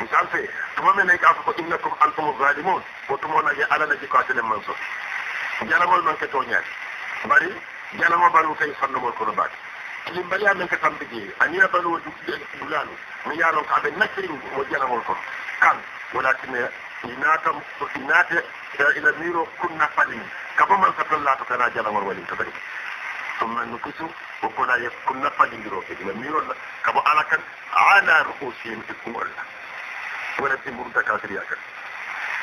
misal fe tuma men ay kafa ko innakum antum zalimun ko tumo na ye ala na jiko atene manso jalamol man ke toñaje bari jalamo baluta e sondomol kono baake min mbariya men ko tambiji anira baloo dulano mi yaalon ko aɓe nakkiri mo jalamol kon kan ولكن إناتم وإنات إلى ميرو كنا فلين كما من فتن الله تتناجل والولي تتنين ثم نكسو وكنا يكنا فلين إلى ميرو كما أنا كان على رؤوسهم إكم الله ولا تمر دكاتر ياكل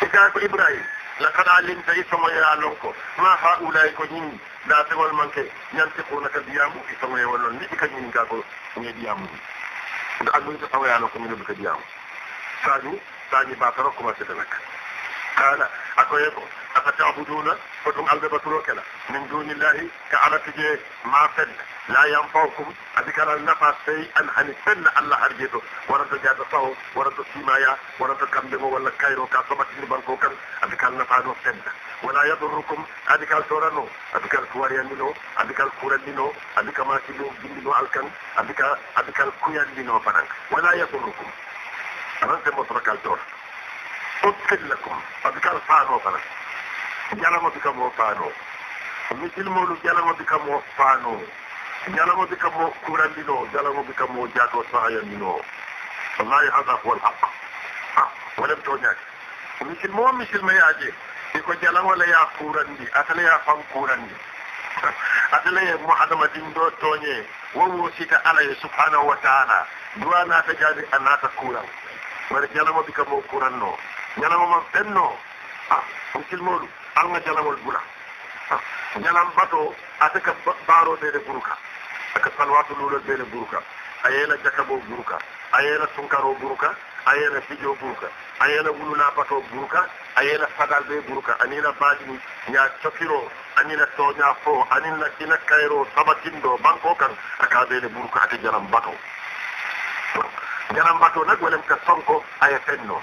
إكاك إبراهيم لقد علمت إسما يا لنكو ما هؤلاء كنين لا تقول منك ينتقونك ديامو إسما يا ولن نتك نين كاكو نيديامو da abin ta tsawaya na kuma da duka biya mu sadu الثاني ما تركما سدنك قال أكويكو أفتعبدون فتم ألبة وكلا من دون الله كعلى تجيه ما فن لا ينفعكم أذكر النفع شيئا أن فن الله هرجيته ورد جاد صهو ورد سيمايا ورد كمبه ولا كايرو كاسبة نبانكو كان أذكر النفع نو ولا يضركم أذكر سورانو أذكر كواريا أذكر كورانينو أذكر ما كيلو جنو ألكن أذكر أذكر كويا منو فنان ولا يضركم رد مطرق الدور أبتل لكم أبكال فانو فلس جلما بك مو فانو مثل مولو جلما بك مو فانو جلما بك مو كوران لنو جلما بك مو جاتو سعيا منو والله هذا هو الحق ولم تونيك مثل مو مثل ما يعجي iko jalan wala ya kurandi atala ya fan kurandi atala ya muhadama din do tonye wawo sita ala subhanahu wa ta'ala duwa na ta bari ñalama bi ka mo kuranno ñalama ma benno ah musilmolu alga ñalamol bula ñalam bato ate ka baaro dede buruka aka salwatu lulol dede buruka ayena jakabo buruka ayena tunkaro buruka ayena fijo buruka ayena wulula bato buruka ayena fadal be buruka anina baɗi ña cokiro anina toña fo anina ina kayro sabatindo banko kan aka dede buruka ate jalam bato jarambato nak walam ka sonko aya fenno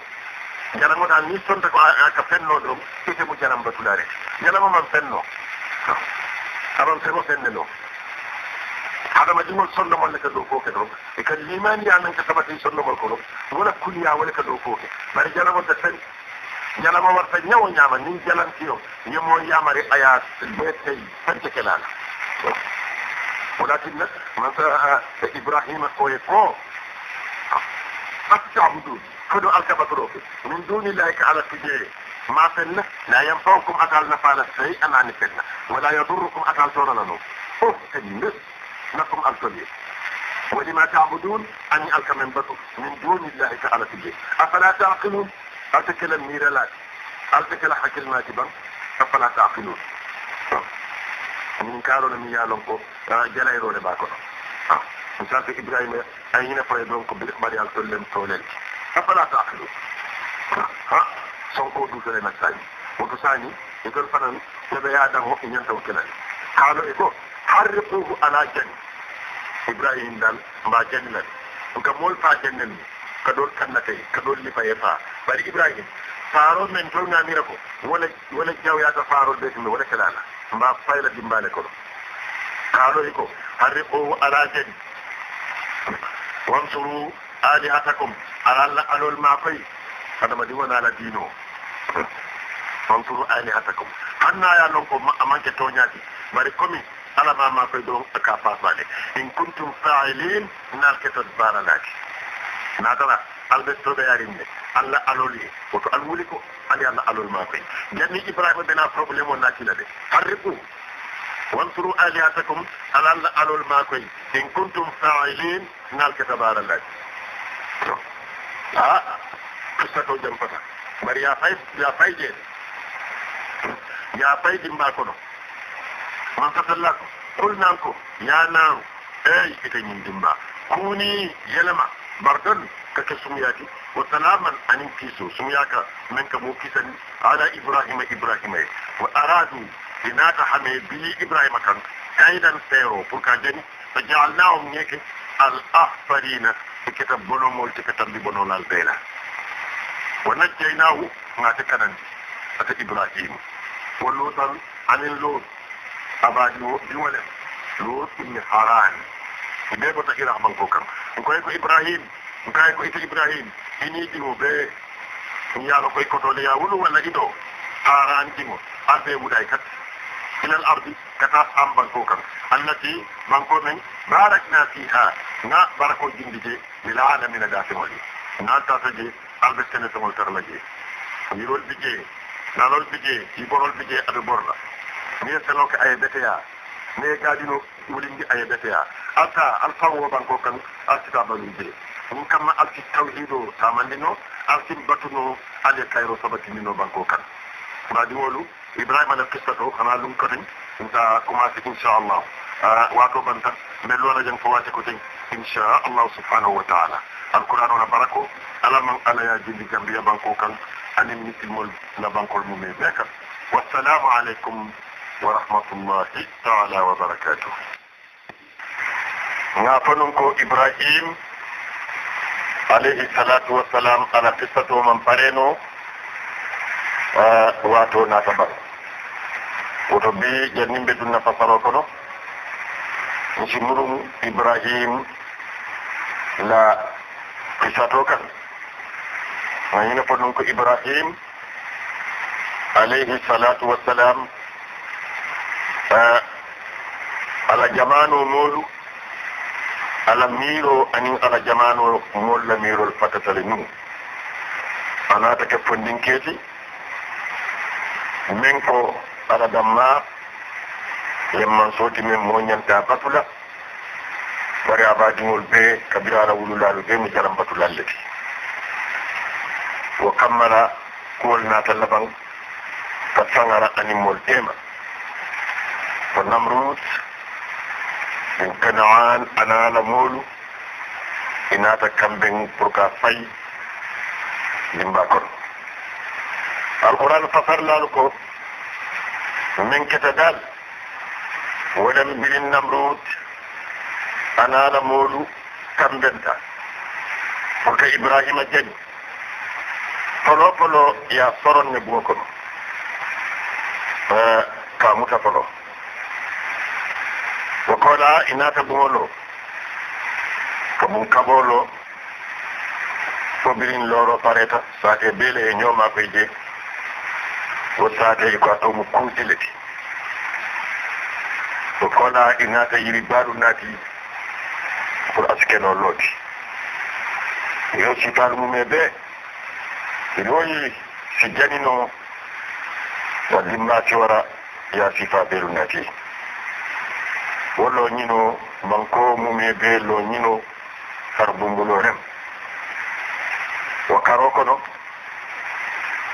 jaramo dal ni sonta ko aka fenno ɗum ite mo jarambatulare jaramo man fenno aron sego fennelo adama jingol sondomol le ka dow koke ɗon e kadi limaniya nan ka tabati sondomol ko ɗon wona kuliya wole ka dow koke bare jaramo ta fenni ñalama warta ñawo ñaama nin jalantiyo ñemo yamari aya ɓeetey fante kelala walakinna masa ibrahima koye ko حتى تعبدون خذوا من دون الله على ما لا ينفعكم ولا يضركم لكم ولما تعبدون أني ألك من من دون الله تعالى تجيه أفلا تعقلون أتكل ميرالات أتكل حكي بان أفلا تعقلون من kaalona mi yaalon ko misalta ibrahima a ñinafoye ɗon ko ɓariyal tollen tolel afala taakilu ha sonko dutore men sañi woto sañi e ɗon fanan yoɓe yaadan hoɓɓe ñantaw kelani haalo e ko harriquhu ala jani ibrahima dal mba janinan ga mol fa jannen ni ka ɗon kannatay ka ɗon lifaye fa bari ibrahima faarol men tolngamira ko wala wala jawyata faarol ɓe tumi wala kelala mba fayla dimbale kono haaloy ko harriquhu ala jani وانصروا آلهتكم على الأل المعطي فنمدي ونال دينه wansuru alihatakum hanna ya lon ko amanke toñaati bari komi ala ma ma koy don ka fasale in kuntum fa'ilin nar ke tot baralaki na dara albe to be yarin ne alla aloli wato almuliko ali alla alol ma koy janni ibrahima bena problemo na kilade harriku وانصروا آلهتكم على أن ألو الماكوي إن كنتم فاعلين نالك تبار الله ها قصته جنبتا bari ya fay ya fay je ya fay dimba ko no man katalla ko kul nan ko ya nan eh kita yin dimba kuni yalama bardan ka ka sumyaki wa salaman anin kiso sumyaka min ka mu kisan ala ibrahima ibrahima wa aradu hinata hame bi ibrahima kan kaidan sayro pour ka jeni fa jaalnahum al ahfarina e keta bonomol te katambi bonolal beela wa najjaynahu ngate kanandi ata ibrahima wa lutan anin lo abaji wo ɗiwale lo ibne harani ɓe ko takira banko kam koye ko ibrahim kaye ko ita ibrahim ini ɗimo be, yaalo koye kotole ya wulu walla ɗiɗo haran ɗimo arɓe wuɗay kat إلى الأرض كتاس أم بنكوكم التي بنكوكم باركنا فيها نا باركو جندجي للعالمين دافن ولي نا تاسجي ألبسكنا سمول ترلجي يرول بجي نالول بجي يبرول بجي أبي برلا مية سلوك أي بتيا مية قادينو ولندي أي بتيا أتا الفاو بنكوكم أتتا بنجي ɗum kamma alti tawhido tamandino altin batuno ali kayro sabatindino banko kan madi wolu ibrahima la kissa to xana lu ko tan ta commencé inshallah wa Allah ban banta mel wala jang fo wate ko tan inshallah subhanahu wa ta'ala alquran wala barako ala man ala ya jindi gambia banko kan ani misil mol la banko mo me beka wa assalamu alaikum wa rahmatullahi ta'ala wa barakatuh nga fanon ko ibrahim alayhi salatu wa salam ala qissatu man fareno wato na tabar woto be ƴannimɓe ɗum nafasaro kono misi muɗum ibrahim la kisato kan gayino fo ɗum ko ibrahim alayhi salatu wassalam ala jamano moolu ala miiro anin ala jamano molla miirol fatatale num anata ke fondinkeeti min ko ala damma yemman sooti min mo ñanta batula bari abadiŋol bee kabira ala wululaalu bee mi jalan batulal le ti wo kammala kuwol naata labaŋ ka saŋara animol teema fo namrut in kanaan anaala moolu i naata kambeŋ pour ka fay dimba kono alquran fasarlaalu ko min keta dal wonen mbirin namrod anaala moolu kambenta poka ibrahima jani polo polo ya soronne bookono uh, eh, kamuta polo wokola inata boolo komum kaboolo fobirin looro pareta saate beele e ñoomaa koye jeeg wasata ko ato mu kutilati o kola inata yiri baru nati pour askeno loti yo ci talu mu mebe iloyi si janino wadimma ci wara ya sifa belu nati wolo ñino manko mume be lo ñino har bumbulo rem wa karo kono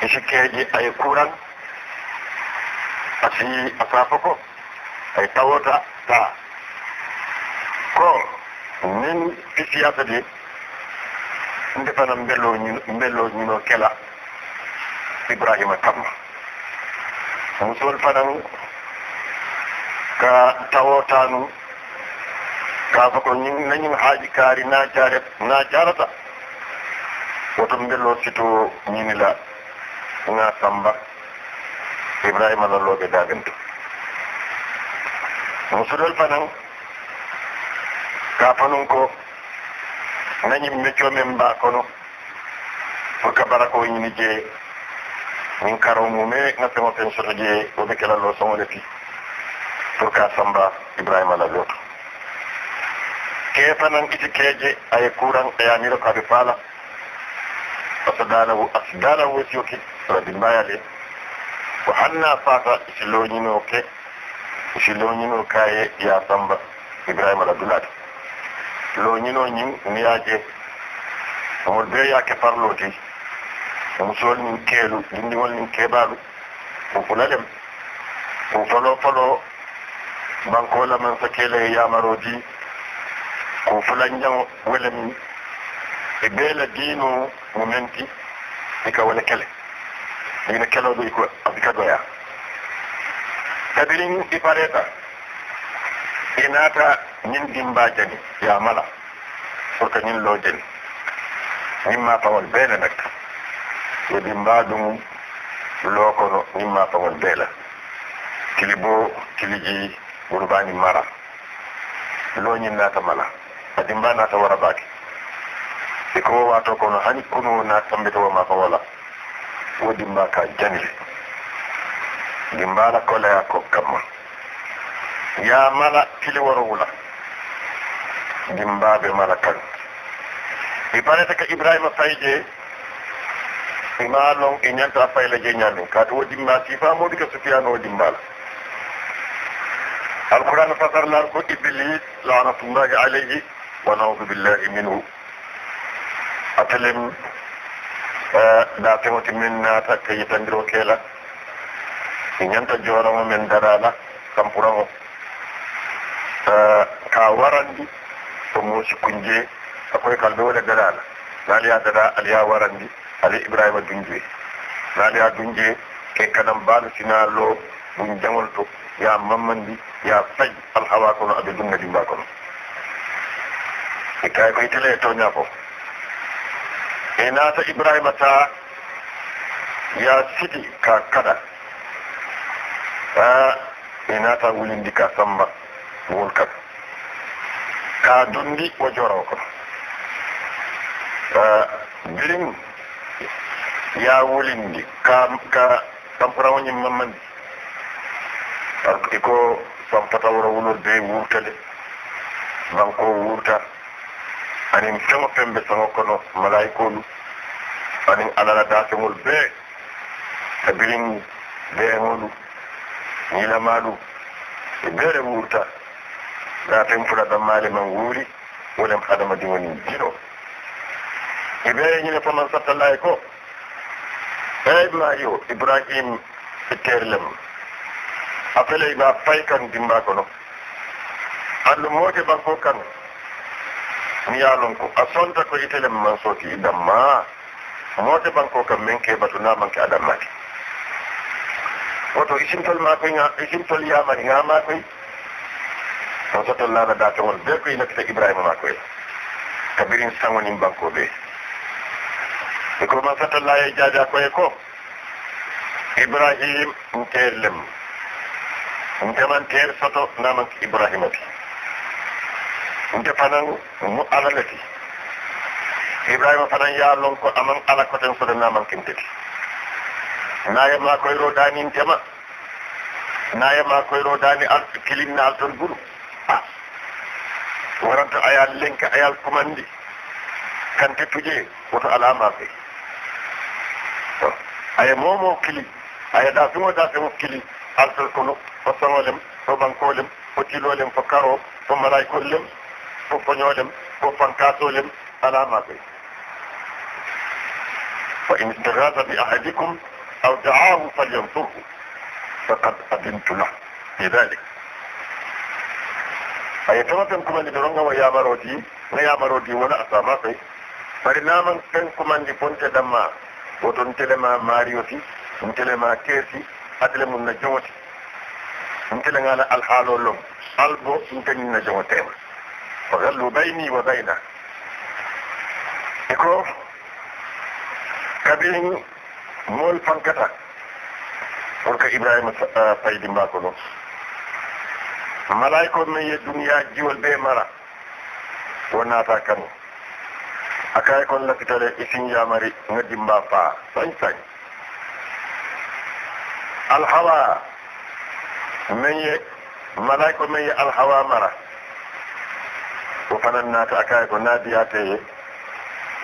e sikkeji ay kuran asii asaafo ko ay tawota taa ko min i siyasa de ndefana mbello mbello ñino kela ibrahima kamma musol fanan ka tawotanu ka foko ñin nañin haaji kaari na jaare na jaarata woto mbello sito ñinila na samba Ibrahim अलोनि पनो नुर् कोने न समूरे तुर्का संभा इब्राहिम अल जे कूड़ पाल असां उहे थी ko hanna fata siloñino ke siloñino kaye ya samba ibrahima abdoulati loñino ñin niyaje omo be yake parloti omo sool nin keelu dindigol nin keɓaɗu o fula ɗem o folo folo bankola men so keele yamaroji ko fulanjan wele min e beela diino mo menti e ka wala kele ina keloɓe ko abikagoya kadirin ɗifareta inata ñin dimbajani ya mala pour que ñin lojani ñimma pawol beele nak yo dimbaɗum lokono ñimma pawol beela kili bo kiliji ɓurbani mara loñin nata mala a dimba nata warabaki e ko wowato kono hani kono natambitowoma pawola fo dimma ka jani dimbala kola ya ko ya mala kili warowula dimbaɓe mala kan i parete ibrahima fayje ima lon e ñanta fayla je ñandum kato wo dimma sifa modi ka sufiyano dimbala alquran fasarnar ko iblis lanatullahi alayhi wa naudu billahi minhu atelem da temoti min naata ka tandiro ke la i ñanta jooroŋo min dara la kampuraŋo ka warandi to moosi kunje akoye kal ɓe wole dara la naali ya dara aliya warandi ali ibrahima dunjoye naali ya dunje ke kanam baalu sina lo ɗum jangol to ya mammandi ya fay alhawa kono aɓe ɗum dimba kono e kayi koye tele e toña fof ina ta ibrahim ta ya sidi ka kada a ina ta wulin di ka samba wolkat ka dundi o joro ko birin ya wulindi ka ka tamparawoñin mammandi par iko sampata wora wulorde wurtade banko wurta anin tewo fembe sogo kono malayikolu anin alala dasengol bee sabirin beeŋolu ñilamaalu e beere wuurta gaaten fula ɗammaale man wuuri wolem adamadi woni jiɗo e ɓee ñine faman sattallahi ko e maayo ibrahim e teerlem a felay ma pay kan dimmbaa kono allu moote banko kan mi a lon ko a sonta ko itele man soki i damma moote banko kam min ke nya namanke tal ya ma nya ma ko ga makoy na da ta datagol be ko koye nakkita ibrahima makoye kabirin sangonin banko ɓe e ko man satalla e jaada koye ko ibrahim nterlem ntaman ter soto namanke ibrahima ti nte fanan mu ala le ibrahima fanan ya lon ko aman ala ko ten sodo naman kinteti naye ma koyro dani na naye ma koyro dani al na al ton buru ah. waranta ayal lenka ayal kumandi kante tuje woto alama fe aye momo kili aye da sumo da sumo kili al ton kono fo sangolem fo bankolem fo tilolem fo karo fo lem. فوفنيولم فوفنكاسولم على ما في فإن استغاث بأحدكم أو دعاه فلينصره فقد أذنت له لذلك أي كما تنكم أن يدرون ويا مرودي ويا مرودي ولا أسامافي فرنام تنكم أن يفون تدما ودون تلما ماريوتي ودون تلما كيسي أدلم النجوتي ودون تلما الحالو لهم ألبو ودون تلما النجوتي وظلوا بيني وبينه ديكو كابين مول فانكتا ولك إبراهيم فايد مباكونا ملايكو من الدنيا جيول بي مرا وناتا كانوا أكايكو لك تالي إسين جامري ندي فا سان سان الحوا من ملايكو من الحوا مرا o fana naata a kaye ko naadiyaate ye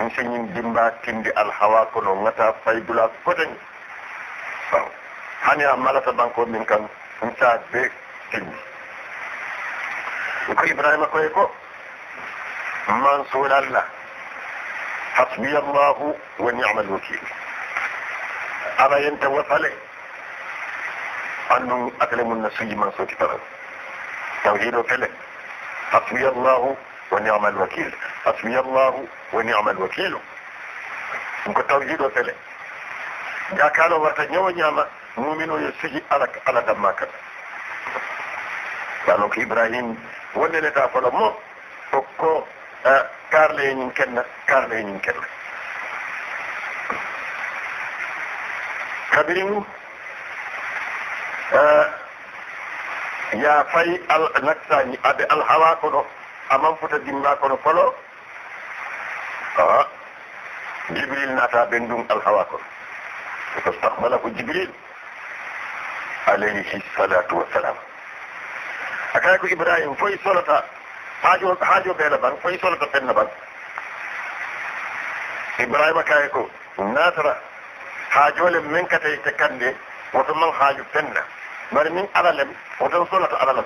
mi siñin dimba tindi alhawa kono ŋata faydula koteñ baw hani a malata banko min kan mi saa be tindi ko ibrahima koye ko mansulallah hasbiya allahu wa ni'ma alwakil ala yenta wasale annum akale mun na suji man soti faran tawhido fele hasbiya allahu ونعم الوكيل اسمي الله ونعم الوكيل ممكن توجيد وثلاث يا كالو ورتن يو نعم مؤمن يسجي على على دمك قالوا كي ابراهيم ولا لا تفلو مو فكو آه، كارلين كن كارلين كن كبرين آه، يا فاي النكساني ابي الهواء كنو amam futa dimba ko folo ah jibril nata ɓen ɗum alhawa kon fastakbalahu jibril alayhi salatu wassalam akay ko ibrahima foye solata haajo haajo bela ban foye solata fenna ban ibrahim kay ko natara le min katay te kande woto man haaju fenna bare min alalem woton solata alala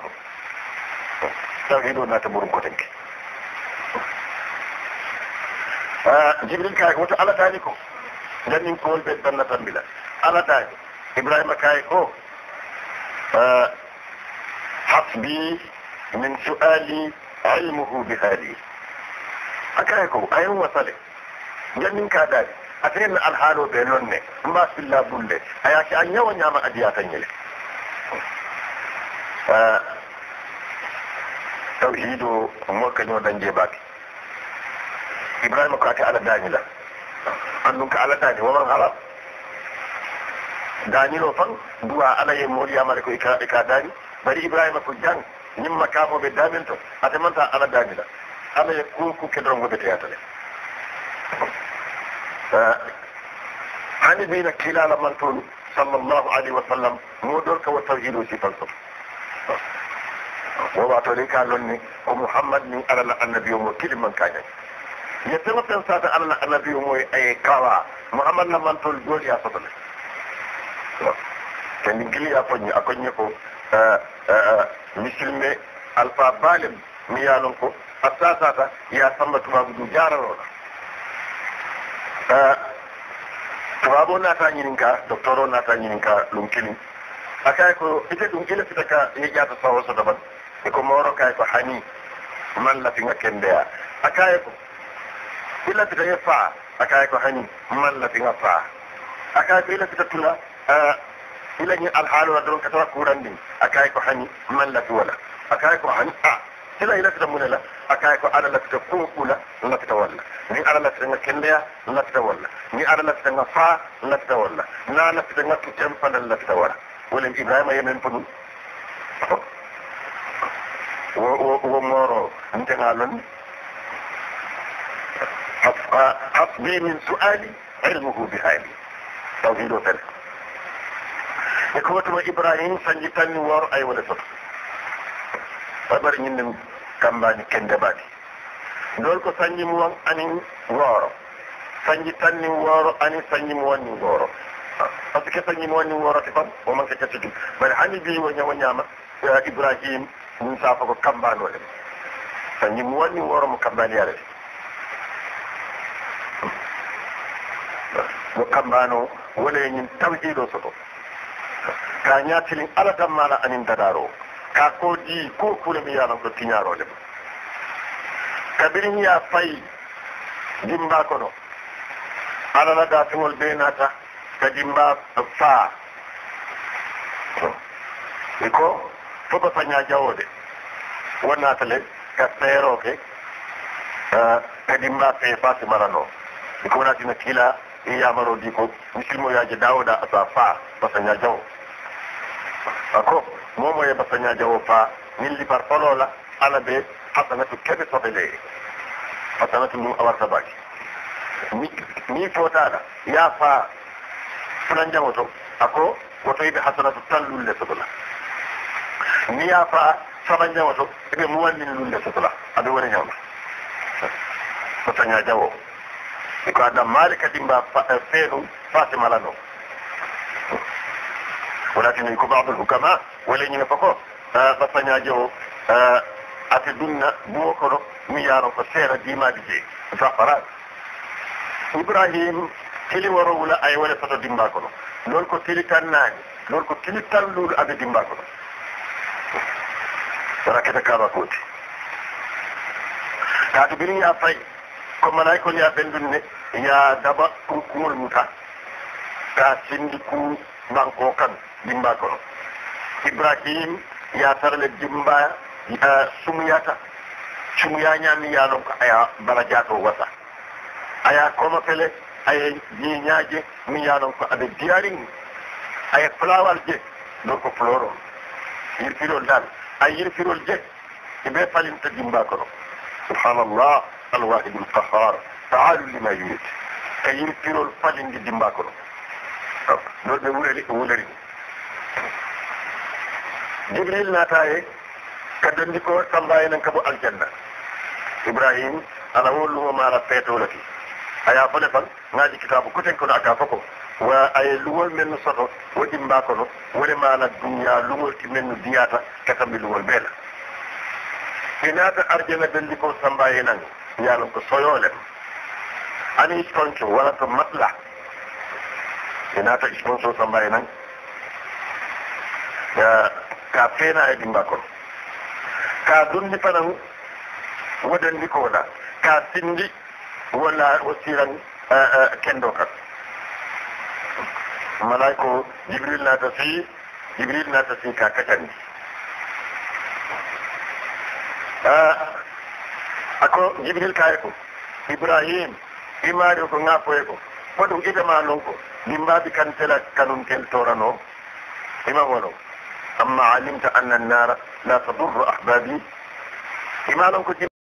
تستغيل ما تبور كتك جبريل كاي وتو على تاريخو جنين كول بيت بنا تنبلا على تاريخ إبراهيم كاي كو آه، حسبي من سؤالي علمه بخالي أكاي كو أي هو صالح جنين كاداري أتين الحالو بينونني ما في الله بولي أياك أن يوان يعمل أدياتين tawhido mo kañoo dañde baki ibrahima ko ate ala daañila anndum ko ala daani woman hala daanilo fan duwa ala ye moolu yamare ko e ka daani bari ibrahima ko jang ñimma kaamoɓe daamin to ate manta ala daanila ala ye kuku kedrongo ta teyata le hani kila la man toon sallallahu alaihi wa sallam wa ka wo tawhido sifal woɓato le ka lon ni ko mouhammad ni alala annabi o mo kilimman kañani yettema pen sata alala annabi o moye aye kawa mouhammad namantol jooli ya sotole kendi giliya foñi a koñe ko misilme alpha balem mi yalon ko a sasata ya samba tubabu du jaranoɗa tubabu o naata ñinin ka docteur o naata ñinin ka lum kilin akaye ko ite ɗum ila fita ka yejjata sawo so daban iko moro kay ko hani man la fi nga kendeya akaye ko illa ti dañe faa akaye ko hani man la fi nga faa akaye ko illa ti tatula ila ñi alhaalu la doon katara kurandi akaye ko hani man la fi wala akaye ko hani a ila ila tita mune la akaye ko ala la tita kunkula la tita walla ni ala la tita nga kendeya la tita walla ni ala la tita nga faa la tita walla na la tita nga tutem fanal la tita wala wolem ibrahima yemen fodum انتقاما قصدي من سؤالي علمه بحالي توحيد وترك يكوتما إبراهيم سنجتني وار أي ولا سبس فبر نندم كمباني كندباتي دول كو سنجي موان أنين وارو سنجي تاني وارو أنين سنجي موان وارو parce que sanyi mo wani worati fam o man ka tati bal hani bi wonya wonyama ibrahim mun safa ko kambano le kañum waɗi worma kambani yare mo kambano wone ñin tawjiɗo soto ka ñatilin alatan mala anin dadaro o ka ko di ko kuure mi yalan ko tiñarolema kabirin ya fay dimba kono alala datugol be nata ka dimba faa iko fo ko sañña jawode wonnata len ka ke eh, fe fasi marano ikona tina kila i yamaro di ko misilmo asa fa basanya ako momo basanya fa ala be kebe ni ya fa fulan ako ni ya fa saba jawo to ɓe muwanni ɗum nde sotola aɗa woni ñawma sotoña jawo ko adam maali kadi mba feenu fatimala no walakin ko badu hukama waleñina foko ba sañaji o ate ɗumna duwo kono mi yaaro ko seena dimaɓe jeeyi safara ibrahim tili woro wula ay wale soto dimba kono lol ko tili tan naani lol ko tili tan luulu aɓe dimba kono rakata kaba koti kaatu biri ya fay ko manay ko ya bendun ne ya daba ko kumul muta ka sindi ku banko kan dimba ko ibrahim ya tarle dimba ya sumuyata sumuya nyami ya lon aya barajato wasa aya kono pele aya ni nyaaje mi ya lon ko abe diaring aya flawal je don ko floro yirtiro dal اير فيرول جه يبقى فال انت سبحان الله الواحد القهار تعال لما يريد اير فيرول فال انت جنباكرو نور دي مولري مولري جبريل ناتاي كدنديكو سلاي نانكا بو الجنه ابراهيم انا اقول له ما لا فيتولتي هيا فلفل نادي كتابو كوتين كون اكا فكو wa ay luwol men soto wodi mba kono woni mana duniya luwol ti men diyata katambi luwol bela minata arjana belli ko samba yenan yalon ko soyole ani sponsor wala to matla minata sponsor samba yenan ya ka fena e dimba kono ka dunni fanan wadandi ko wala ka sindi wala wasiran kendo kan mala ko jibril naata fi jibril naata fi ka kacandi ah, ako jibril kaye ko ibrahim imari ko ngapoye ko fodum idama non ko ndimbaɓi kan tela kanum kel torano ima wono amma alimta anna annara la tadurru ahbabi imalon ko